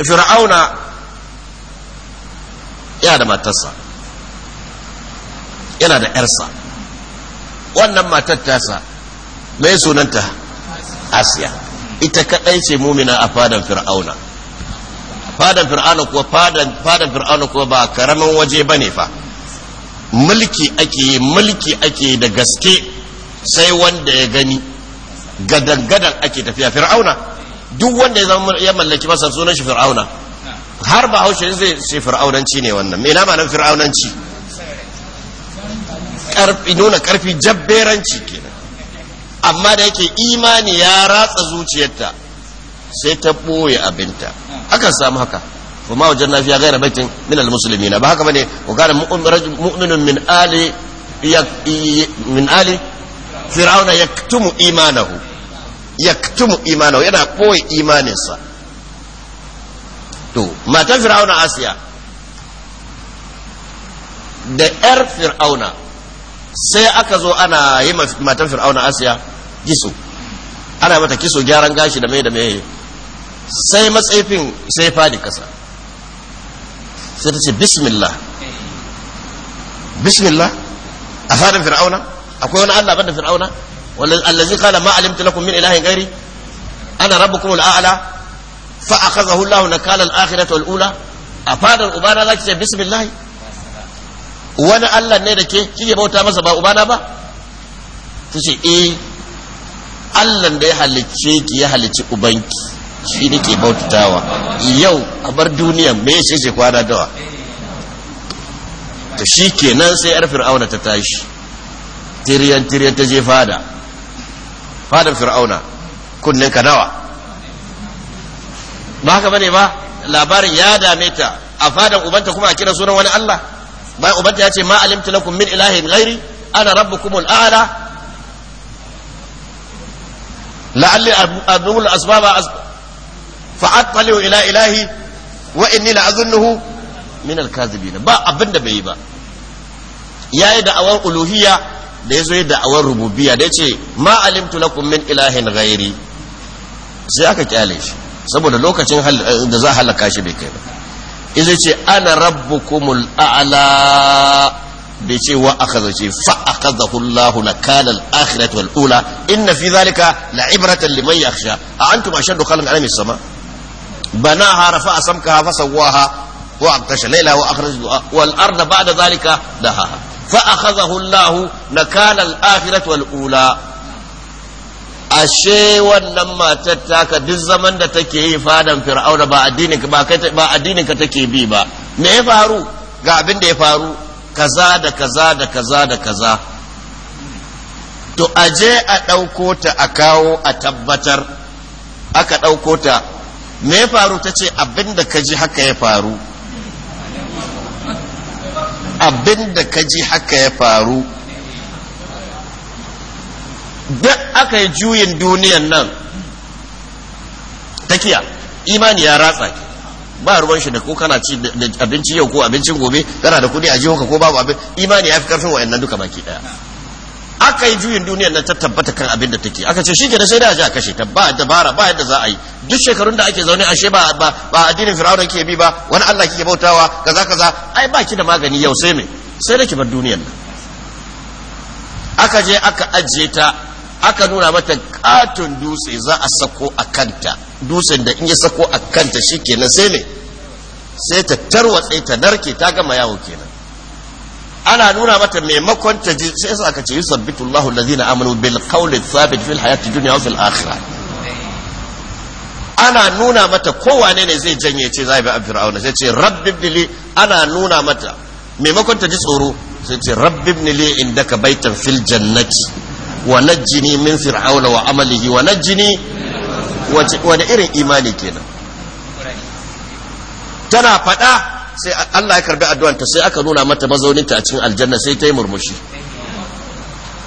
fir'auna yana da matarsa yana da yarsa wannan matar tasa mai sunanta asiya ita kadai ce mumina a fadan fir'auna fadan fir'auna kuwa fadan fadan fir'auna kuwa ba karaman waje bane fa mulki ake yi mulki ake da gaske sai wanda ya gani gadan-gadan ake tafiya fir'auna duk wanda ya zama ya mallaki masa sunan shi fir'auna har ba haushe zai shi fir'aunanci ne wannan me na ma nan fir'aunanci karfi nuna karfi jabberanci kenan amma da yake imani ya ratsa zuciyarta sai ta ɓoye abinta akan samu haka ma wajen na fiya gaira baitin min almusulmi na ba haka bane ko kana mu'minun min ali min ali fir'auna yaktumu imanahu yaktumu imanahu yana ɓoye imaninsa to matan fir'auna asiya da yar fir'auna sai aka zo ana yi matan fir'auna asiya kiso ana mata kiso gyaran gashi da mai da mai sai matsaifin sai fadi kasa sai ta ce bismillah bismillah a fadin fir'auna akwai wani allah fir'auna min ilahin ana al'ala fa a fadin ubana za ki ce bismillah wani allah ne da ke kike bauta masa ba ubana ba ta ce eh allah da ya halicce ki ya halicci ubanki shi ke bautatawa yau a bar duniya me sai shi kwana dawa ta shi ke nan sai yar fir'auna ta tashi tiriyan tiriyan ta je fada fadar fir'auna kunnen ka nawa ba haka bane ba labarin ya dame ta a fadan ubanta kuma a kira sunan wani Allah bayan ubanta ya ce ma alimta lakum min ilahin ghairi ana rabbukumul a'la la'alli abul asbaba fa'attaliu ila ilahi wa inni la'azunnuhu min alkazibina ba abin da bai yi ba yayi da'awar uluhiyya da yazo yi da'awar rububiya. da ya ce alimtu lakum min ilahin ghairi sai aka kyale saboda lokacin da za halaka shi bai kai ba izai ce ana rabbukumul a'la bai ce wa akhadha ce fa akhadhahu na lakana al-akhiratu wal ula inna fi zalika la'ibratan liman yakhsha a antum ashaddu khalqan ala sama بناها رفع سمكها فسواها وأغطش ليلها وأخرج والأرض بعد ذلك دهاها فأخذه الله نكال الآخرة والأولى ashe wannan matar taka duk zaman da take yi fadan fir'auna ba addinin ba addinin ka take bi ba me ya faru ga abin da ya faru kaza da kaza da kaza da kaza to aje a ɗauko ta a kawo a tabbatar aka ɗauko ta me ya faru ta ce abinda da ka ji haka ya faru abin da ka ji haka ya faru duk aka yi juyin duniyan nan takiya imani ya ratsa ki ba ruwan shi da ko kana ci abinci yau ko abincin gobe kana da kuɗi a jihoka ko babu abin imani ya fi karfin wa'annan duka baki daya aka yi juyin duniyar na ta tabbata kan abin da take aka ce shi kenan sai da a kashe ta ba dabara ba yadda za a yi duk shekarun da ake zaune ashe ba ba ba addinin firawun ke bi ba wani Allah kike bautawa kaza kaza ai ba ki da magani yau sai me sai da ki bar duniyar nan aka je aka ajiye ta aka nuna mata katon dutse za a sako a kanta dutsen da in ya sako a kanta shikenan sai me sai ta tarwatse ta narke ta gama yawo kenan ana nuna mata maimakon ta ji sai sa aka ce yusabbitu allazina amanu bil qawli thabit fil hayati dunya wa fil akhirah ana nuna mata kowane ne zai janye ce zai bi a fir'auna sai ce rabbibni ana nuna mata maimakon ta ji tsoro sai ce rabbibni li indaka baitan fil jannati wa najjini min fir'auna wa amalihi wa najjini wani irin imani kenan tana faɗa sai Allah ya karbi addu'anta sai aka nuna mata mazauninta a cikin aljanna sai ta yi murmushi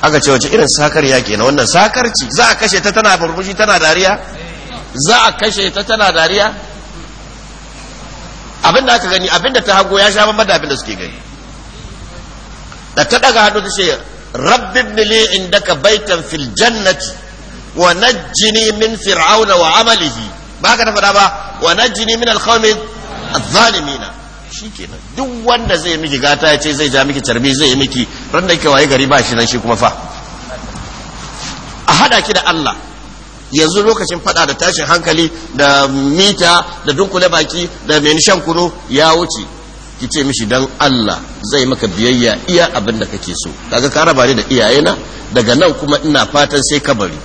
aka ce wace irin sakar ya kenan wannan sakar sakarci za a kashe ta tana murmushi tana dariya za a kashe ta tana dariya abinda aka gani abinda ta hago ya sha bamban da abinda suke gani da ta daga hannu ta ce rabbi ibn li indaka baitan fil jannati wa najjini min fir'auna wa amalihi ba ka ta faɗa ba wa najjini min al-qawmi adh-dhalimin shikenan duk wanda zai miki gata ya ce zai ja miki carbi zai miki randa kike waye gari ba shi nan shi kuma fa a hada ki da Allah yanzu lokacin fada da tashin hankali da mita da dunkule baki da mai shan kunu ya wuce ki ce mishi dan Allah zai maka biyayya iya abin da kake so kaga ka raba ni da na daga nan kuma ina fatan sai ka bari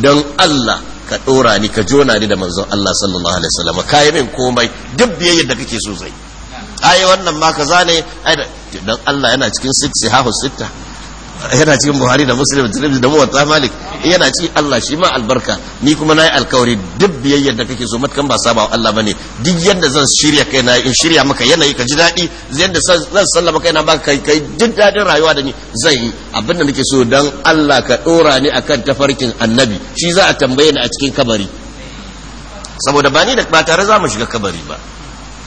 dan Allah ka dora ni ka jona ni da manzon Allah sallallahu alaihi wasallam kayi min komai duk biyayyar da kake so zai ai wannan ma kaza ne ai dan Allah yana cikin hahu sitta yana cikin Buhari da Muslim da da Muwatta Malik yana ci Allah shi ma albarka ni kuma nayi alkawari duk biyayyar da kake so matkan ba saba Allah bane duk yanda zan shirya kaina in shirya maka yanayi ka ji daɗi yanda zan sallama kaina ba kai kai duk daɗin rayuwa da ni zan yi abin da nake so dan Allah ka dora ni akan tafarkin Annabi shi za a tambaye ni a cikin kabari saboda ba ni da ba tare za mu shiga kabari ba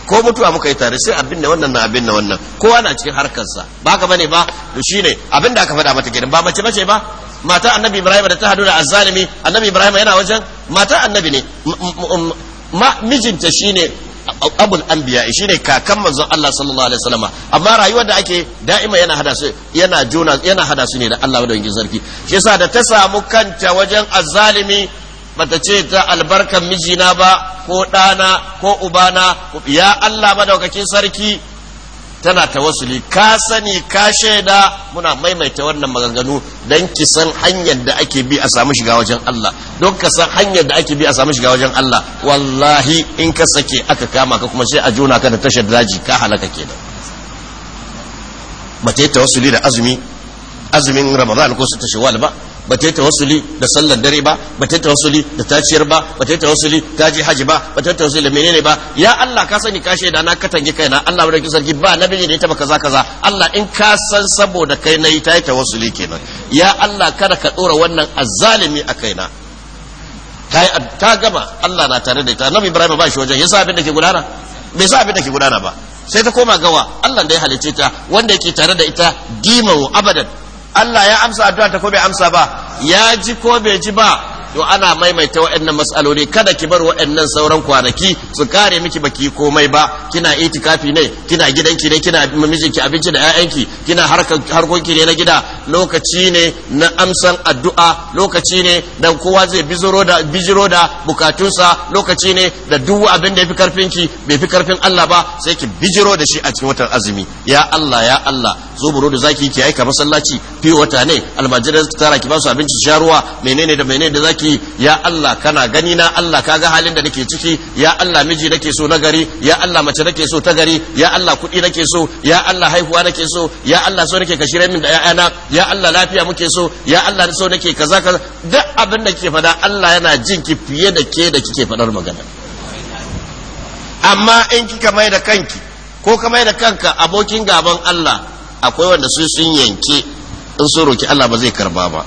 ko mutuwa muka yi tare sai abin da wannan na abin da wannan kowa na cikin harkarsa ba ka bane ba to shine abin da aka faɗa mata gidan ba mace bace ba mata annabi ibrahim da ta hadu da azzalimi annabi ibrahim yana wajen mata annabi ne mijinta shine abul anbiya shine kakan manzon Allah sallallahu alaihi wasallam amma rayuwar da ake da'ima yana hada su yana juna yana hada ne da Allah da zarki shi yasa da ta samu kanta wajen azzalimi bata ce ta albarkan mijina ba ko ɗana ko ubana ya Allah madaukakin sarki tana tawassuli ka sani ka shaida muna maimaita wannan maganganu don ki san hanyar da ake bi a samu shiga wajen Allah don ka san hanyar da ake bi a samu shiga wajen Allah wallahi in ka sake aka kama ka kuma sai a juna ka da tashar daji ka halaka da mace ta yi da azumi azumin ramadan ko su ta shawal ba ba ta yi tawassuli da sallar dare ba ba ta yi tawassuli da taciyar ba ba ta yi tawassuli ta je haji ba ba ta yi tawassuli da menene ba ya Allah ka sani ka shaida na katange kaina Allah madaukakin sarki ba na da ita ba kaza kaza Allah in ka san saboda kai nayi ta yi tawassuli kenan ya Allah kada ka dora wannan azzalimi a kaina ta gama Allah na tare da ita Nabi Ibrahim ba shi wajen yasa abin da ke gudana bai sa abin da ke gudana ba sai ta koma gawa Allah da ya halicce ta wanda yake tare da ita dimawo abadan Allah ya amsa addu'a ta ko bai amsa ba ya ji ko bai ji ba to ana maimaita waɗannan mas'aloli kada ki bar waɗannan sauran kwanaki su kare miki baki komai ba kina itikafi ne kina gidanki ne kina mijinki abinci da 'ya'yanki kina harkoki ne na gida lokaci ne na amsan addu'a lokaci ne da kowa zai biziro da bijiro da bukatunsa lokaci ne da duk abin da ya fi karfinki bai fi karfin Allah ba sai ki bijiro da shi a cikin watan azumi ya Allah ya Allah buru da zaki ki aika masallaci fi wata ne almajiran tara ki ba su abinci sharuwa menene da menene da zaki ciki ya Allah kana gani na Allah ka ga halin da nake ciki ya Allah miji nake so na gari ya Allah mace nake so ta gari ya Allah kuɗi nake so ya Allah haihuwa nake so ya Allah so nake ka min da ƴaƴana ya Allah lafiya muke so ya Allah so nake kaza kaza duk abin da kike faɗa Allah yana jin ki fiye da ke da kike faɗar magana amma in kika mai da kanki ko ka mai da kanka abokin gaban Allah akwai wanda su sun yanke in sun roki Allah ba zai karba ba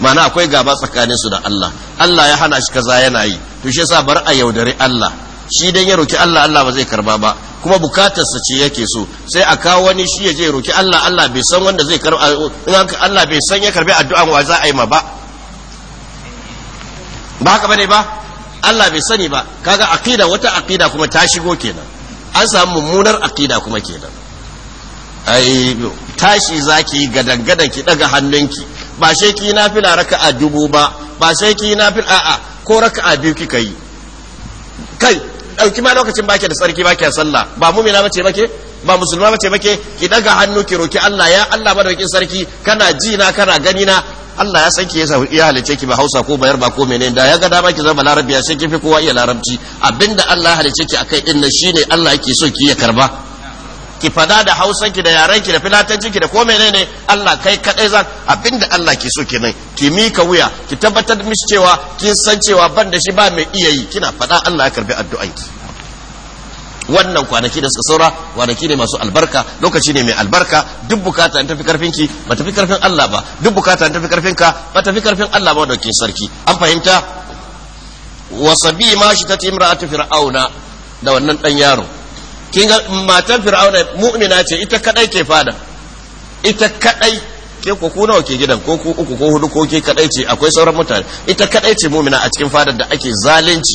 ma'ana akwai gaba tsakanin su da Allah Allah ya hana shi kaza yana yi to shi yasa bar a yaudare Allah shi dan ya roki Allah Allah ba zai karba ba kuma sa ce yake so sai a kawo wani shi ya je roki Allah Allah bai san wanda zai karba Allah bai san ya karbi addu'an wa za a yi ma ba ba haka bane ba Allah bai sani ba kaga aqida wata aqida kuma ta shigo kenan an samu mummunar aqida kuma kenan ai tashi zaki gadan gadan ki daga hannunki ba sai ki nafila raka'a dubu ba ba sai ki nafila a'a ko raka'a biyu kika yi kai dauki ma lokacin baki da sarki baki sallah ba mumina bace bake ba musulma bace bake ki daga hannu ki roki Allah ya Allah dauki sarki kana ji na kana gani na Allah ya san ki yasa ya halice ki ba Hausa ko bayar ba ko menene da ya ga da baki zama Larabiya sai ki fi kowa iya Larabci abinda Allah ya halice ki akai din nan shine Allah yake so ki ya karba ki fada da hausan ki da yaren ki da filatancin ki da ko menene Allah kai kadai zan abinda Allah ke so nan ki mika wuya ki tabbatar miki cewa kin san cewa ban da shi ba mai iya yi kina fada Allah ya karbi ki. wannan kwanaki da suka saura kwanaki ne masu albarka lokaci ne mai albarka duk bukata in tafi karfin ki ba tafi karfin Allah ba duk bukata in tafi karfin ka ba tafi karfin Allah ba dauke sarki an fahimta wa sabi ma shi ta timra'atu fir'auna da wannan dan yaro kin matan fir'auna mu'mina ce ita kadai ke fada ita kadai ke ko ku nawa ke gidan ko ku uku ko hudu ko ke kadai ce akwai sauran mutane ita kadai ce mu'mina a cikin fadar da ake zalunci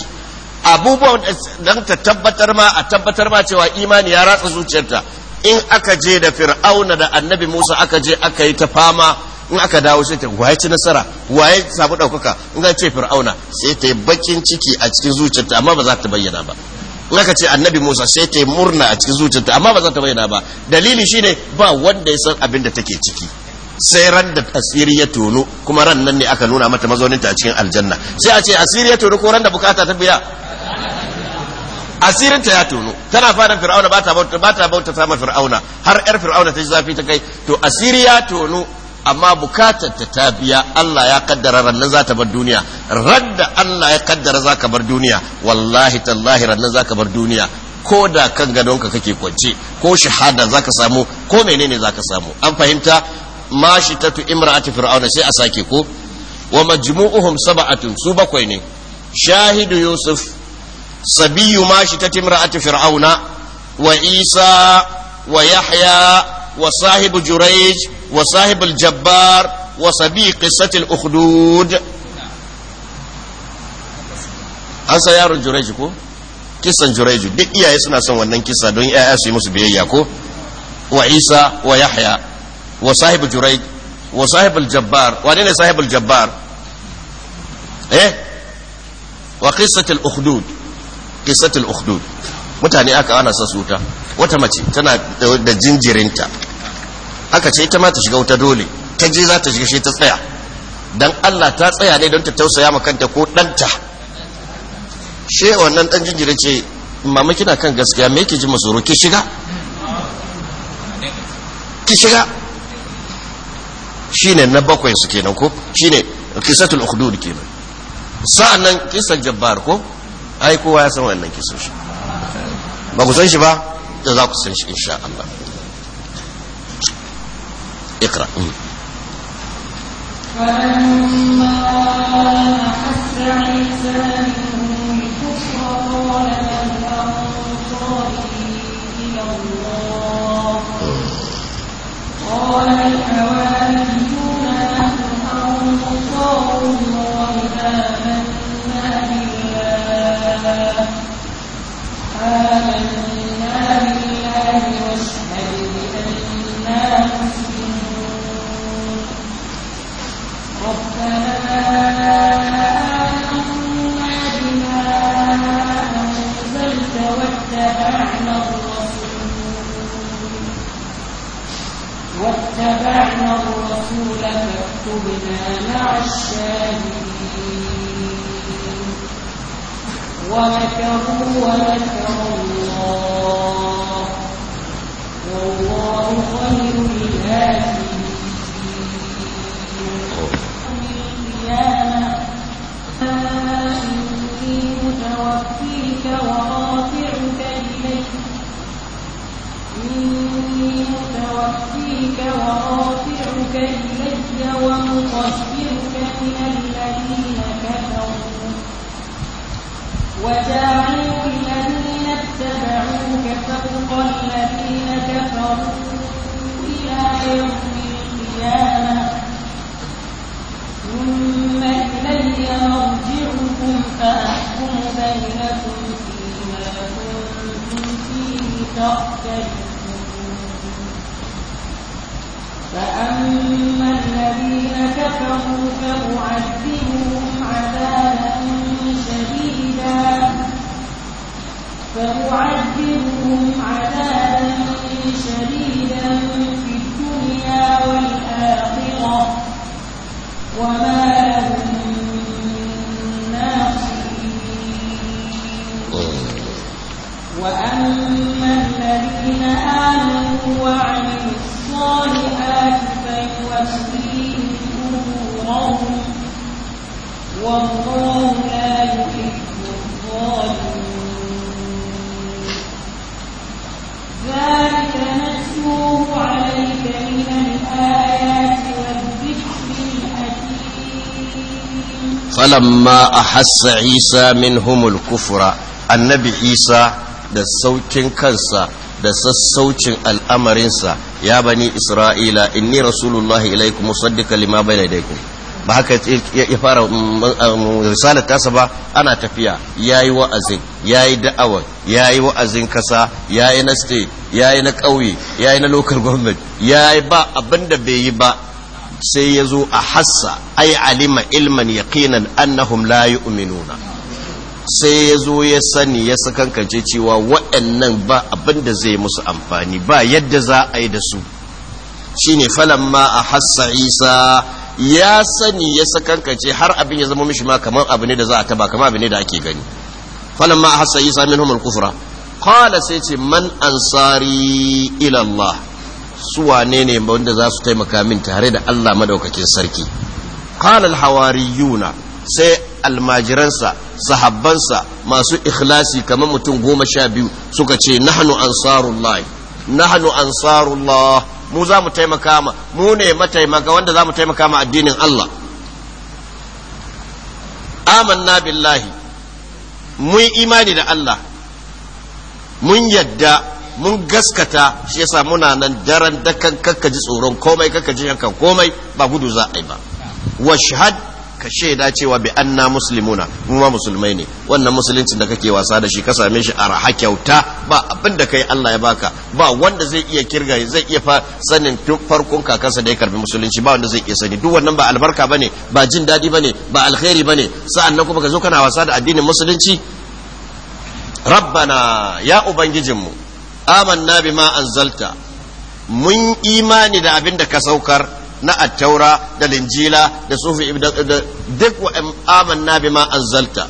abubuwan dan ta tabbatar ma a tabbatar ma cewa imani ya ratsa zuciyarta in aka je da fir'auna da annabi musa aka je aka yi ta fama in aka dawo sai ta waye ci nasara waye samu ɗaukaka in ce fir'auna sai ta yi bakin ciki a cikin zuciyarta amma ba za ta bayyana ba in ce annabi Musa sai ta murna a cikin zuciyarta amma ba za ta bayyana ba dalili shine ba wanda ya san abin da take ciki sai ran da asiri ya tono kuma ran nan ne aka nuna mata mazauninta a cikin aljanna sai a ce asiri ya tono ko ran da bukata ta biya asirinta ya tono tana fadan fir'auna ba ta bauta ta fir'auna har yar fir'auna ta ji zafi ta kai to asiri ya tono amma bukatar ta ta biya Allah ya kaddara rannan za ta bar duniya radda Allah ya kaddara za ka bar duniya wallahi tallahi rannan za ka bar duniya ko da kan ka kake kwance ko shahada za ka samu ko menene za ka samu an fahimta ma shi tatu imra'ati fir'auna sai a sake ko wa majmu'uhum sab'atun su bakwai ne shahidu yusuf sabiyu ma shi tatu imra'ati fir'auna wa isa wa yahya وصاحب جريج وصاحب الجبار وصبي قصة الأخدود أنسى يا جريج كو kisan jureju duk iyaye suna son wannan kisa don yaya si musu biyayya ko wa isa wa yahya wa wane ne sahibul jabbar eh? wa qissatul ukhdud qissatul mutane aka ana sa wata mace tana da jinjirinta aka ce ita ma ta shiga wuta dole ta je za ta shiga shi ta tsaya dan Allah ta tsaya ne don ta tausaya ma kanta ko ɗanta she wannan ɗan jinjiri ce mama kina kan gaskiya me yake ji masoro ki shiga ki shiga shine na bakwai su kenan ko shine kisatul ukhdud kenan sa'annan kisan jabbar ko ai kowa ya san wannan kisan shi ba ku san shi ba da za ku san shi insha Allah اقرأ فلما أحس عيسى منهم الكفر إلى الله قال آمنا بالله بالله واشهد بأننا مسلمون واتبعنا الرسول فاكتبنا مع الشاهدين ومكروا ومكر الله والله خير الهادي إني متوفيك ورافعك إلي ومطهرك من الذين كفروا وجاعل الذين اتبعوك فوق الذين كفروا إلى يوم القيامة ثم إلي مرجعكم فأحكم بينكم فيما كنتم فيه تختلفون فأما الذين كفروا فأعذبهم عذابا شديدا فأعذبهم عذابا شديدا في الدنيا والآخرة وما لهم من ناصرين وأما الذين آمنوا وعملوا الصالحات فيوفيهم أجورهم والله لا يحب الظالمين ذلك نتلوه عليك من الآيات falamma hassa isa humul kufra annabi isa da saukin kansa da sassaucin al'amarinsa ya bani isra'ila inni rasulullahi ilaikum musaddiqa lima bayna yadaykum ba haka ya fara mm, mm, mm, risalar tasa ba ana tafiya yayi wa'azin yayi da'awar yayi wa'azin kasa yayi na state yayi na ƙauye yayi na local government yayi ba abinda bai yi ba sai ya zo a hassa ai alima ilman yaqinan annahum la yu'minuna sai ya zo ya sani ya sakankance cewa waɗannan ba abin da zai musu amfani ba yadda za a yi da su shine falamma a hassa isa ya sani ya sakankance har abin ya zama mishi ma kamar abu ne da za a taba kamar abu ne da ake gani falamma a hassa isa min humul kufra qala sai ce man ansari ila Allah su wane ne wanda za su taimaka min tare da Allah madaukakin sarki halal hawariyuna sai almajiransa sahabbansa masu ikhlasi kamar mutum goma sha biyu suka ce nahnu ansarullah nahnu ansarullah mu za mu taimaka ma mu ne mataimaka wanda za mu taimaka ma addinin Allah amanna billahi mun imani da Allah mun yadda mun gaskata shi yasa muna nan daren dakan kakka ji tsoron komai kakka ji yankan komai ba gudu za a yi ba washhad ka shaida cewa bi anna muslimuna mu ma musulmai ne wannan musuluncin da kake wasa da shi ka same shi a araha kyauta ba abin da kai Allah ya baka ba wanda zai iya kirga zai iya fa sanin tun farkon kakansa da ya karbi musulunci ba wanda zai iya sani duk wannan ba albarka bane ba jin dadi bane ba alkhairi bane na kuma ka zo kana wasa da addinin musulunci rabbana ya ubangijinmu amanna bima anzalta mun imani da abin da ka saukar na attaura da linjila da sufi duk wa amanna bima anzalta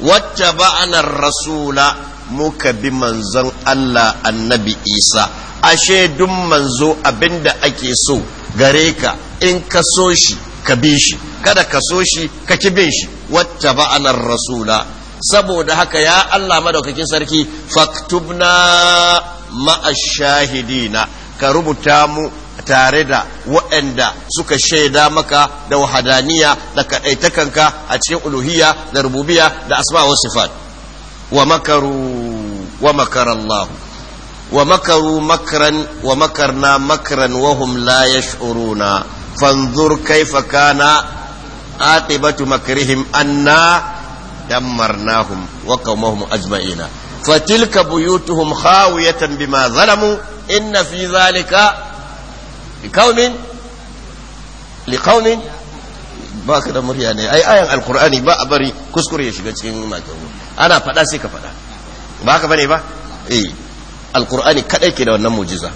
wacce ba'anar rasula muka bi manzon Allah annabi Isa ashe duk manzo abinda ake so gare ka in ka so shi ka bi shi kada ka so shi ka ki bin shi wacce ba'anar rasula saboda haka ya Allah madaukakin sarki faktubna ma'ashahidina ka rubuta mu tare da waɗanda suka shaida maka da wahadaniya da kaɗaitakanka a cikin uluhiya da rububiya da asma wa sifat wa makaru wa makarallahu wa makaru makran wa makarna makran wa hum la yash'uruna fanzur kaifa kana aqibatu makrihim anna dammarnahum wa qawmahum ajma'ina fatilka buyutuhum khawiyatan bima zalamu inna fi zalika liqaumin liqaumin ba ka da murya ne ai ayan alkur'ani ba a bari kuskure ya shiga cikin makin ana faɗa sai ka faɗa ba ka bane ba eh. kadai ke da wannan mujiza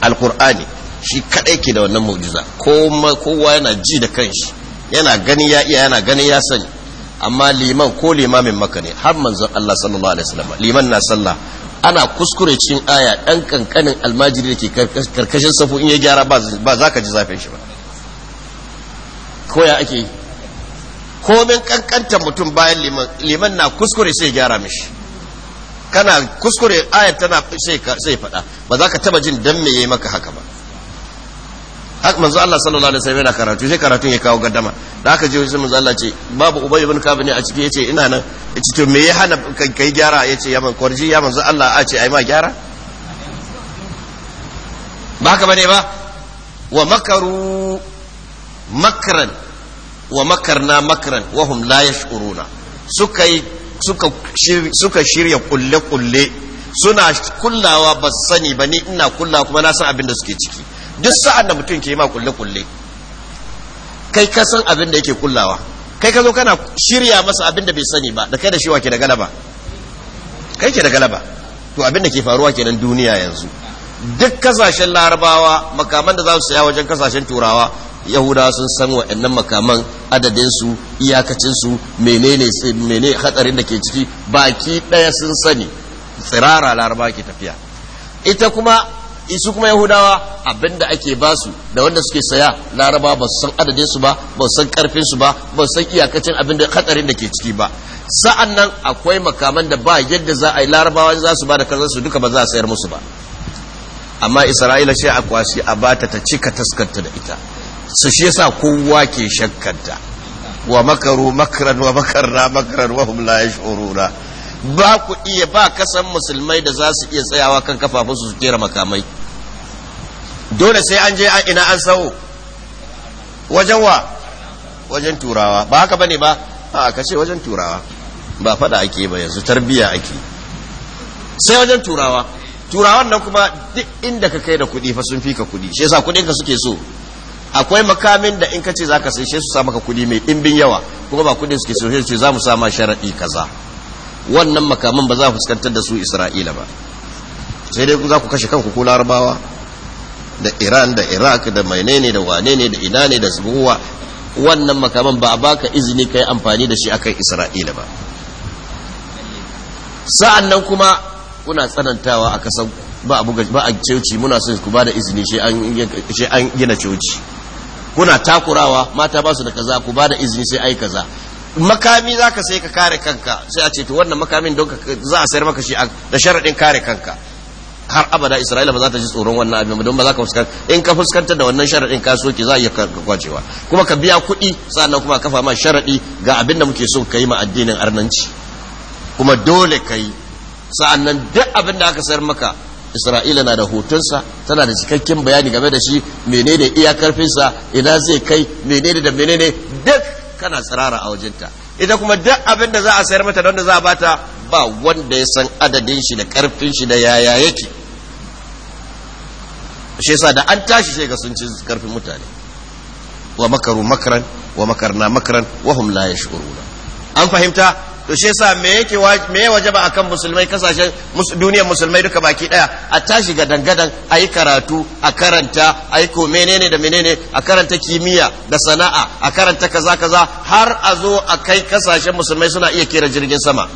alkur'ani shi kadai ke da wannan mujiza kowa yana ji da kanshi yana gani ya iya yana gani ya sani amma liman ko limamin maka ne har manzon Allah sallallahu alaihi wasallam liman na sallah ana kuskure cin aya dan kankanin almajiri dake karkashin safu in ya gyara ba za ka ji zafin shi ba ko ya ake komin kankanta mutum bayan liman liman na kuskure sai gyara mishi kana kuskure ayar tana sai faɗa ba za ka taba jin dan me yayi maka haka ba manzo Allah sallallahu alaihi wasallam yana karatu sai karatun ya kawo gaddama da aka je sai manzo Allah ce babu ubay ibn kab ne a ciki yace ina nan yace to me ya hana kai gyara yace ya man korji ya manzo Allah a ce ai ma gyara ba haka bane ba wa makaru makran wa makarna makran wa hum la yashkuruna suka suka suka shirya kulle kulle suna kullawa ba sani ba ni ina kullawa kuma na san abin da suke ciki duk sa'an da mutum ke yi ma kulle kulle kai ka san abin da yake kullawa kai ka zo kana shirya masa abin da bai sani ba da kai da shi wa ke da galaba kai ke da galaba to abin da ke faruwa kenan duniya yanzu duk kasashen larabawa makaman da za su saya wajen kasashen turawa yahuda sun san waannan makaman adadinsu iyakacinsu menene menene hatsarin da ke ciki baki ɗaya sun sani tsirara larabawa ke tafiya ita kuma isu kuma yahudawa abinda ake basu da wanda suke saya laraba ba su san adadin su ba ba su san karfin su ba ba su san iyakacin abinda hatsarin da ke ciki ba sa'an nan akwai makaman da ba yadda za a yi larabawa za su ba da kazan su duka ba za a sayar musu ba amma isra'ila shi a kwasi a bata ta cika taskanta da ita su shi yasa kowa ke shakkanta wa makaru makran wa makarra makran wa hum la yash'uruna ba ku iya ba kasan musulmai da za su iya tsayawa kan kafafunsu su kera makamai dole sai an je ina an sau wajen wa wajen turawa ba haka bane ba a ka wajen turawa ba fada ake ba yanzu tarbiya ake sai wajen turawa turawan nan kuma duk inda ka kai da kuɗi fa sun fi ka kuɗi shi yasa kuɗin ka suke so akwai makamin da in ka ce zaka sai shi su sa maka kuɗi mai ɗimbin yawa kuma ba kuɗin suke so sai ce za mu sa ma sharaɗi kaza wannan makaman ba za fuskantar da su Isra'ila ba sai dai za ku kashe kanku ko larabawa da iran da iraq da mainene da wane ne da ina ne da zuwa wannan makaman ba a baka izini ka yi amfani da shi akan isra'ila ba sa'an nan kuma kuna tsanantawa a kasan ba a buga ba a coci muna son ku ba da izini shi an gina coci kuna takurawa mata ba su da kaza ku ba da izini sai ai kaza makami za ka sai ka kare kanka sai a ce to wannan makamin don za a sayar maka shi da sharaɗin kare kanka har abada isra'ila ba za ta ji tsoron wannan abin ba don ba za ka fuskanta in ka fuskanta da wannan sharaɗin ka soke za a iya kwacewa kuma ka biya kuɗi sannan kuma kafa ma sharaɗi ga abin da muke so ka yi ma addinin arnanci kuma dole ka yi sa'annan duk abin da aka sayar maka isra'ila na da hotonsa tana da cikakken bayani game da shi menene iyakar fesa ina zai kai menene da menene duk kana tsirara a wajenta ita kuma duk abin da za a sayar mata don da za a bata ba wanda ya san adadin shi da karfin shi da yaya yake shi yasa da an tashi sai ga sun ci karfin mutane wa makaru makran wa makarna makran wa hum la yash'uruna an fahimta to shi yasa me yake me ya wajaba akan musulmai kasashen duniyar musulmai duka baki daya a tashi ga dangadan ayi karatu a karanta ayi ko menene da menene a karanta kimiyya da sana'a a karanta kaza kaza har a zo a kai kasashen musulmai suna iya kera jirgin sama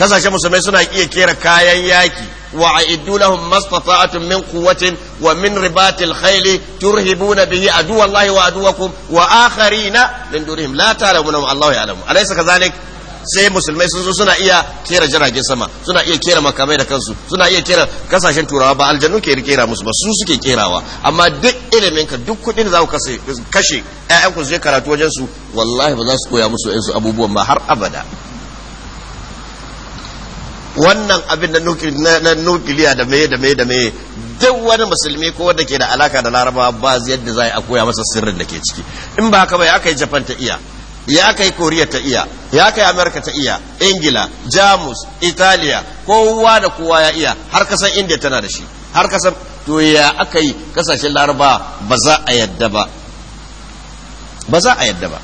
Kasashe musulmai suna iya kera kayan yaki wa a lahum mastata'atun min quwwatin wa min ribatil khayl turhibuna bihi aduwallahi wa aduwakum wa akharina min dunihim la ta'lamunahum Allahu ya'lamu alaysa kadhalik sai musulmai sun zo suna iya kera jiragen sama suna iya kera makamai da kansu suna iya kera kasashen turawa ba aljanu ke kera musu ba su suke kerawa amma duk ilimin ka duk kudin za ku kashe ƴaƴan ku je karatu wajen su wallahi ba za su koya musu yansu abubuwan ba har abada wannan abin na nukiliya da meye da meye da meye duk wani musulmi ko wanda ke da alaka da laraba ba yadda za a koya masa sirrin da ke ciki in ba haka ba ya kai japan ta iya ya kai koriya ta iya ya kai amerika ta iya ingila jamus italiya kowa da kowa ya iya har kasan india tana da shi har kasan to ya aka yi kasashen laraba ba za a yadda ba ba za a yadda ba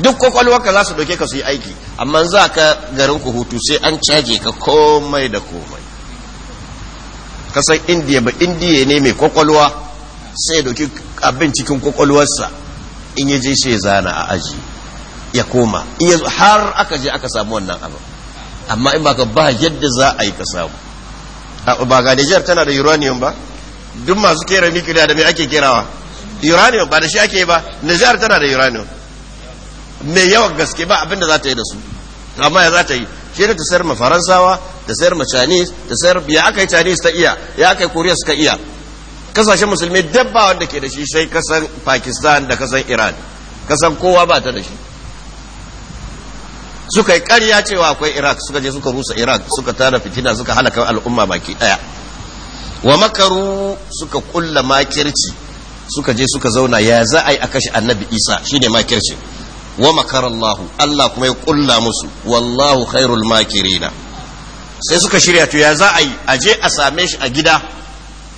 duk kwakwalwarka za su ɗauke ka su yi aiki amma za ka garin ku hutu sai an caje ka komai da komai kasan indiya ba indiya ne mai kwakwalwa sai doki abin cikin kwakwalwarsa in ya je shi zana a aji ya koma har aka je aka samu wannan abu amma in baka ba yadda za a yi ka samu ba ga Nijar tana da uranium ba duk masu kera nukiliya da me ake kerawa uranium ba da shi ake ba Nijar tana da uranium mai yawan gaske ba abinda za ta yi da su amma ya za ta yi shi ta sayar ma faransawa ta sayar ma chinese ta sayar ya aka yi chinese ta iya ya aka yi korea suka iya kasashen musulmi dabba wanda ke da shi sai kasan pakistan da kasan iran kasan kowa ba ta da shi suka yi karya cewa akwai iraq suka je suka rusa iraq suka tara fitina suka halaka al'umma baki daya wa makaru suka kulla makirci suka je suka zauna ya za a yi a kashe annabi isa shine makirci wa makar Allah Allah kuma ya kulla musu wallahu khairul makirina sai suka shirya to ya za a yi a je a same shi a gida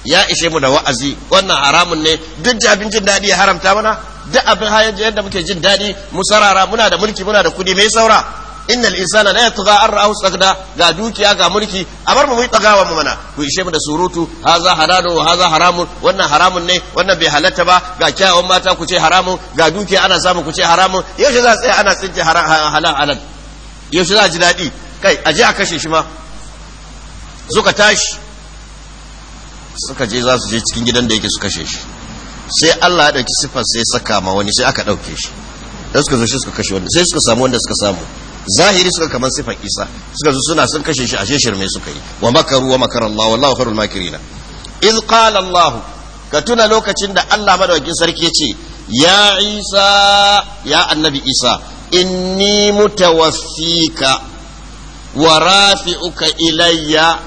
ya ishe mu da wa'azi wannan haramun ne duk da abin jin daɗi ya haramta mana duk abin hayar yadda muke jin daɗi mu sarara muna da mulki muna da kuɗi mai saura innal insana la yatgha an ra'ahu sagda ga dukiya ga mulki a bar mu yi tagawa mu mana ku ishe mu da surutu haza halalu haza haramun wannan haramun ne wannan bai halatta ba ga kyawun mata ku ce haramun ga dukiya ana samu ku ce haramun yaushe za a tsaya ana tsince halal halal yaushe za a ji daɗi kai a je a kashe shi ma suka tashi suka je za su je cikin gidan da yake su kashe shi sai Allah ya ɗauki siffar sai saka ma wani sai aka ɗauke shi da suka zo shi suka kashe wanda sai suka samu wanda suka samu zahiri suka kamar sifar isa suka zo suna sun kashe shi a ashe shirme suka yi wa makaru wa makar Allah wallahu khairul makirin iz qala Allah ka tuna lokacin da Allah madawakin sarki ya ce ya isa ya annabi isa inni mutawaffika wa rafi'uka ilayya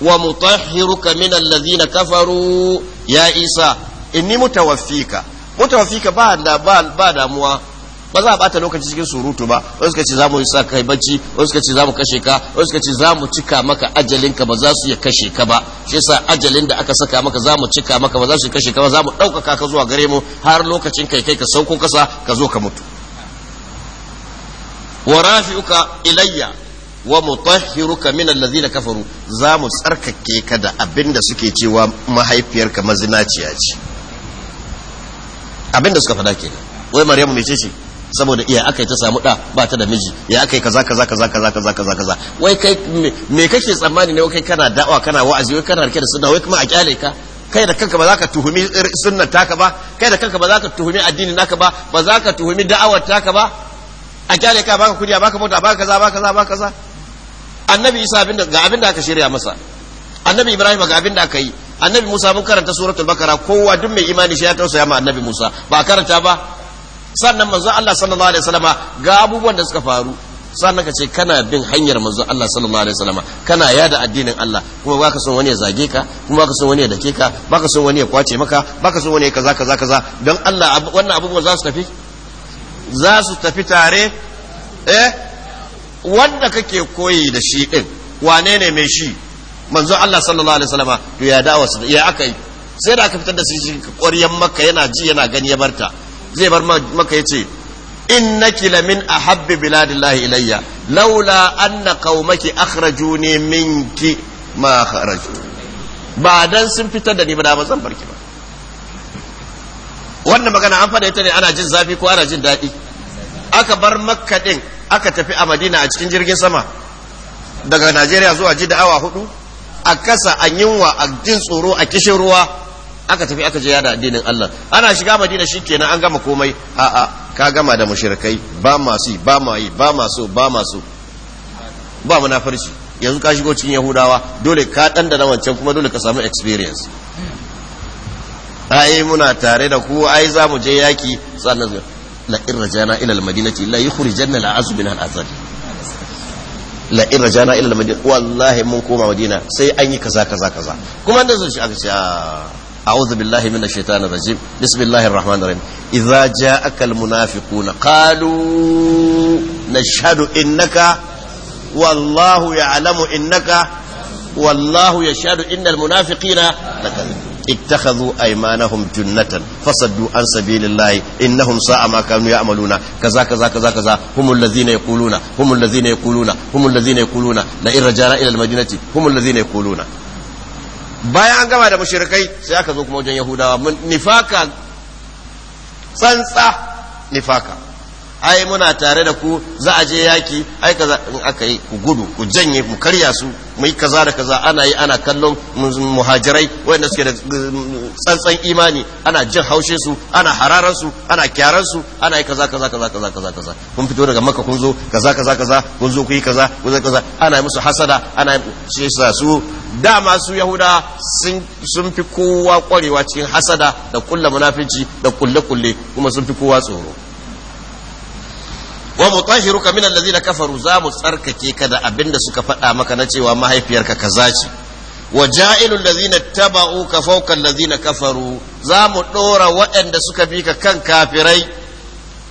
wa mutahhiruka min alladhina kafaru ya isa inni mutawaffika mutawaffika ba da ba damuwa ba za a bata lokaci cikin surutu ba wasu ka ce za mu sa kai bacci wasu ka ce za mu kashe ka wasu ka ce za mu cika maka ajalin ka ba za su ya kashe ka ba shi yasa ajalin da aka saka maka za mu cika maka ba za su kashe ka ba za mu ɗaukaka ka zuwa gare mu har lokacin kai kai ka sauko kasa ka zo ka mutu wa rafi'uka ilayya wa mutahhiruka min alladhina kafaru za mu tsarkake ka da abinda suke cewa mahaifiyarka mazinaciya ce abinda suka faɗa kenan wai maryamu mece ce saboda iya aka yi ta samu da ba ta da miji ya aka yi kaza kaza kaza kaza kaza kaza kaza wai kai me kake tsammani ne kai kana da'awa kana wa'azi wai kana rike da sunna wai kuma a kyale ka kai da kanka ba za ka tuhumi sunnan taka ba kai da kanka ba za ka tuhumi addinin naka ba ba za ka tuhumi da'awar taka ba a kyale ka baka kuriya baka mota baka kaza baka kaza baka kaza annabi isa da ga abinda aka shirya masa annabi ibrahim ga abinda aka yi annabi musa mun karanta suratul bakara kowa duk mai imani shi ya tausaya ma annabi musa ba karanta ba sannan manzon Allah sallallahu alaihi wasallama ga abubuwan da suka faru sannan ka ce kana bin hanyar manzon Allah sallallahu alaihi wasallama kana yada addinin Allah kuma baka son wani ya zage ka kuma baka son wani ya dake ka baka son wani ya kwace maka baka son wani ya kaza kaza kaza don Allah wannan abubuwan za su tafi za su tafi tare eh wanda kake koyi da shi din wane ne mai shi manzon Allah sallallahu alaihi wasallama to ya dawo ya aka yi sai da aka fitar da shi ƙwaryan makka yana ji yana gani ya barta zai bar maka ya ce yace innaki lamin habbi biladillahi ilayya laula anna qaumaki ne minki ma kharaju ba dan sun fitar da ni ba ba zan barki ba wannan magana an fada ita ne ana jin zafi ko ana jin daɗi aka bar makka din aka tafi a madina a cikin jirgin sama daga najeriya zuwa ji awa hudu a kasa a yunwa a jin tsoro a kishin ruwa aka tafi aka je yada addinin Allah ana shiga madina shikenan an gama komai a a ka gama da mushrikai ba masu ba mayi ba masu ba masu ba munafarci yanzu ka shigo cikin yahudawa dole ka dan da wancan kuma dole ka samu experience ai muna tare da ku ai za mu je yaki sannan la in rajana ila al madinati la yukhrijanna al al'azb min al azab la in rajana ila al madinati wallahi mun koma madina sai an yi kaza kaza kaza kuma da zuci aka ce ah. أعوذ بالله من الشيطان الرجيم بسم الله الرحمن الرحيم إذا جاءك المنافقون قالوا نشهد إنك والله يعلم إنك والله يشهد إن المنافقين لكذب اتخذوا ايمانهم جنة فصدوا عن سبيل الله انهم ساء ما كانوا يعملون كذا كذا كذا كذا هم الذين يقولون هم الذين يقولون هم الذين يقولون لئن رجعنا الى المدينة هم الذين يقولون bayan an gama da mushrikai sai aka zo kuma wajen yahudawa nifaka tsantsa nifaka ai muna tare da ku za a je yaki ai kaza in aka yi ku gudu ku janye mu karya su mu yi kaza da kaza ana yi ana kallon muhajirai wanda suke da tsantsan imani ana jin haushe su ana hararan su ana kyaran su ana yi kaza kaza kaza kaza kaza kaza kun fito daga makka kun zo kaza kaza kaza kun zo ku yi kaza kun zo kaza ana yi musu hasada ana shi sa su dama su yahuda sun fi kowa kwarewa cikin hasada da kulla munafici da kulle-kulle kuma sun fi kowa tsoro wa mutahhiruka min da kafaru za mu tsarkake ka da abin da suka faɗa maka na cewa mahaifiyarka kaza ce wa ja'ilul ladzina taba'uka fawqa allazina kafaru za mu dora waɗanda suka bi ka kan kafirai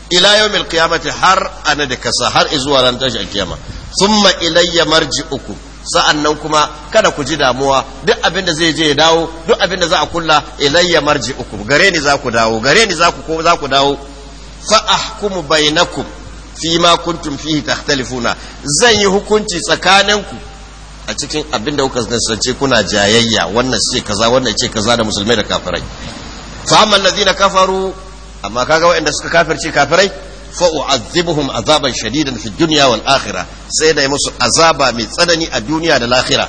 ila yawmil qiyamati har ana da kasa har izuwa ran tashi alkiyama thumma ilayya marji'ukum Sa'an nan kuma kada ku ji damuwa duk abin da zai je ya dawo duk abin da za a kulla ilayya marji uku gare ni za ku dawo gare ni za ku dawo fa kuma bainakum fi ma kuntum ta takhtalifuna zan yi hukunci tsakaninku a cikin abin da kuka zance kuna jayayya wannan ce kaza wannan ce kaza da musulmai da kafirai fa amma allazina kafaru amma kaga waɗanda suka kafirce kafirai fa u'azzibuhum azaban shadidan fi dunya wal akhirah sai da musu azaba mai tsanani a duniya da lahira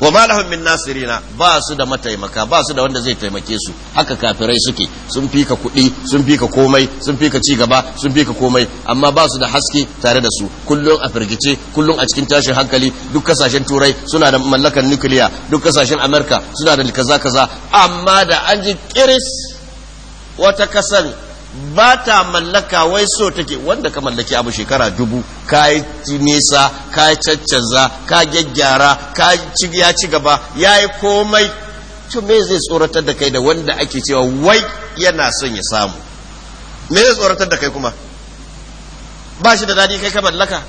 wa ma min nasirina ba su da mataimaka ba su da wanda zai taimake su haka kafirai suke sun fika kuɗi sun fika komai sun fika ci gaba sun fika komai amma ba su da haske tare da su kullum a firgice kullum a cikin tashin hankali duk kasashen turai suna da mallakar nukiliya duk kasashen amurka suna da kaza kaza amma da an ji kiris wata kasan ba ta mallaka wai so take wanda ka mallaki abu shekara dubu ka yi nisa ka yi caccanza ka gyaggyara ka ya ci gaba ya yi komai to me zai tsoratar da kai da wanda ake cewa wai yana son ya samu me zai tsoratar da kai kuma ba shi da dadi kai ka mallaka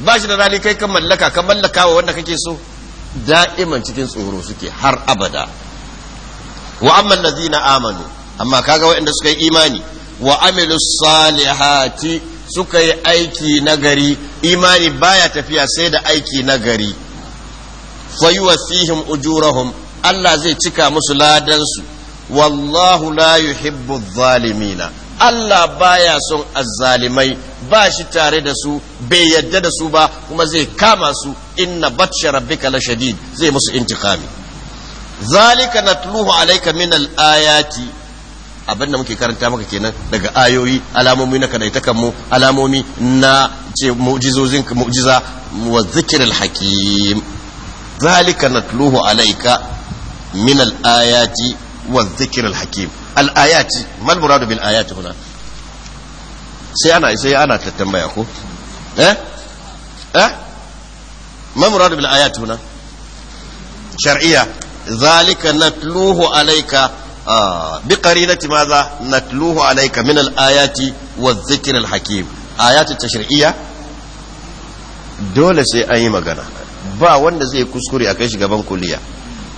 ba shi da dadi kai ka mallaka ka mallaka wa wanda kake so da'iman cikin tsoro suke har abada wa amman lazina amanu amma kaga waɗanda suka yi imani wa amilus salihati suka yi aiki nagari imani baya tafiya sai da aiki nagari wasihin ujurahum Allah zai cika musu ladansu wallahu la yuhibbu zalimina Allah baya son azzalimai ba shi tare da su bai yadda da su ba kuma zai kama su inna batsha rabbika la shadid zai musu intiqami zalika natluhu alayka min al-ayati abin da muke karanta maka kenan daga ayoyi alamomi na kadaitakan mu alamomi na ce mu'jizozin mu'jiza wa zikril hakim zalika natluhu alaika min al-ayati wa zikril hakim al-ayati mal muradu bil ayati huna sai ana sai ana tattambaya ko eh eh ما مراد بالآيات هنا شرعية ذلك نتلوه alaika. بقرينة ماذا نتلوه عليك من الآيات والذكر الحكيم آيات التشريعية dole sai an yi magana ba wanda zai kuskure a kai shi gaban kuliya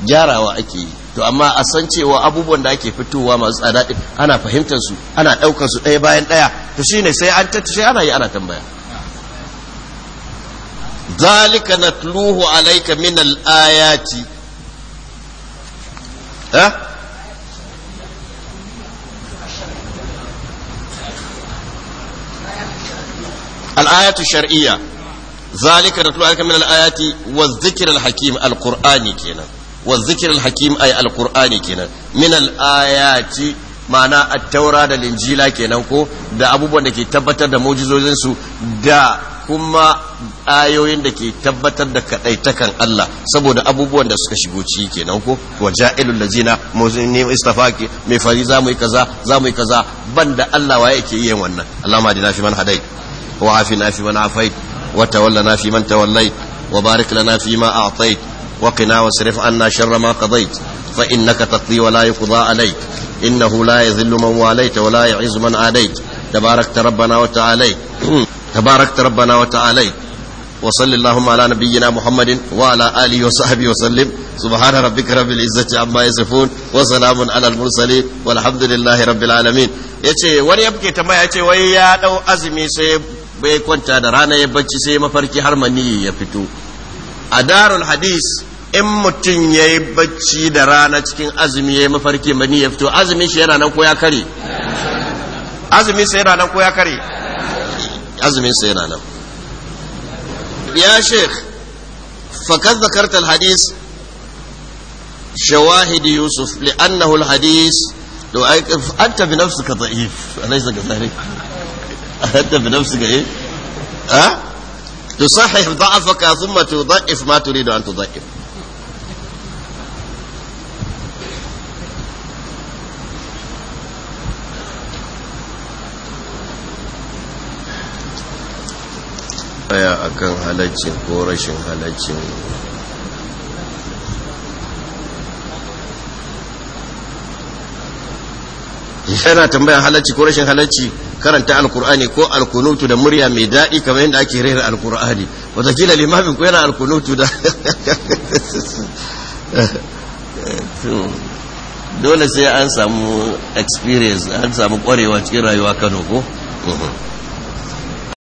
gyarawa ake yi to amma a san cewa abubuwan da ake fitowa masu tsada ana fahimtar ana ɗaukar ɗaya bayan ɗaya to shine sai an tattace ana yi ana tambaya zalika natluhu alayka min al-ayati al'ayatu shar'iyya zalika da tulu'alka min al'ayati wa zikir hakim al kenan wa zikir hakim ayi al kenan min al-ayati ma'ana at-taura da linjila kenan ko da abubuwan da ke tabbatar da mu'jizozin da kuma ayoyin da ke tabbatar da kadaitakan Allah saboda abubuwan da suka shigo ciki kenan ko wa ja'ilul lajina muzin istafaki mai fari zamu yi kaza zamu yi kaza banda Allah waye yake yin wannan Allahumma dina fi man وعافنا في من عافيت وتولنا في من توليت وبارك لنا فيما أعطيت وقنا واصرف عنا شر ما قضيت فإنك تقضي ولا يقضى عليك إنه لا يذل من واليت ولا يعز من عاديت تباركت ربنا وتعاليت تباركت ربنا وتعاليت وصل اللهم على نبينا محمد وعلى آله وصحبه وسلم سبحان ربك رب العزة عما يصفون وسلام على المرسلين والحمد لله رب العالمين yace wani ya buke tambaya yace wai ya dau azumi sai bai kwanta da rana ya bacci sai mafarki har maniyi ya fito a darul hadis in mutum ya yi bacci da rana cikin azumi ya yi mafarki mani ya fito azumin shi yana nan ko ya kare azumin sa yana nan ko ya kare azumin sa yana nan ya sheikh fakad zakarta hadis شواهد يوسف لأنه الحديث لو أنت بنفسك ضعيف أليس كذلك؟ أنت بنفسك إيه أه؟ تصحح ضعفك ثم تضعف ما تريد أن تضعف a kan halaccin ko rashin halaccin yana tambayan halacci ko rashin halacci karanta alkur'ani ko alkunutu da murya mai daɗi kamar yadda ake rera alkur'ani kila limamin ko yana alkunutu da <laughs> dole sai an samu experience an samu kwarewa cikin rayuwa kano ko mhm.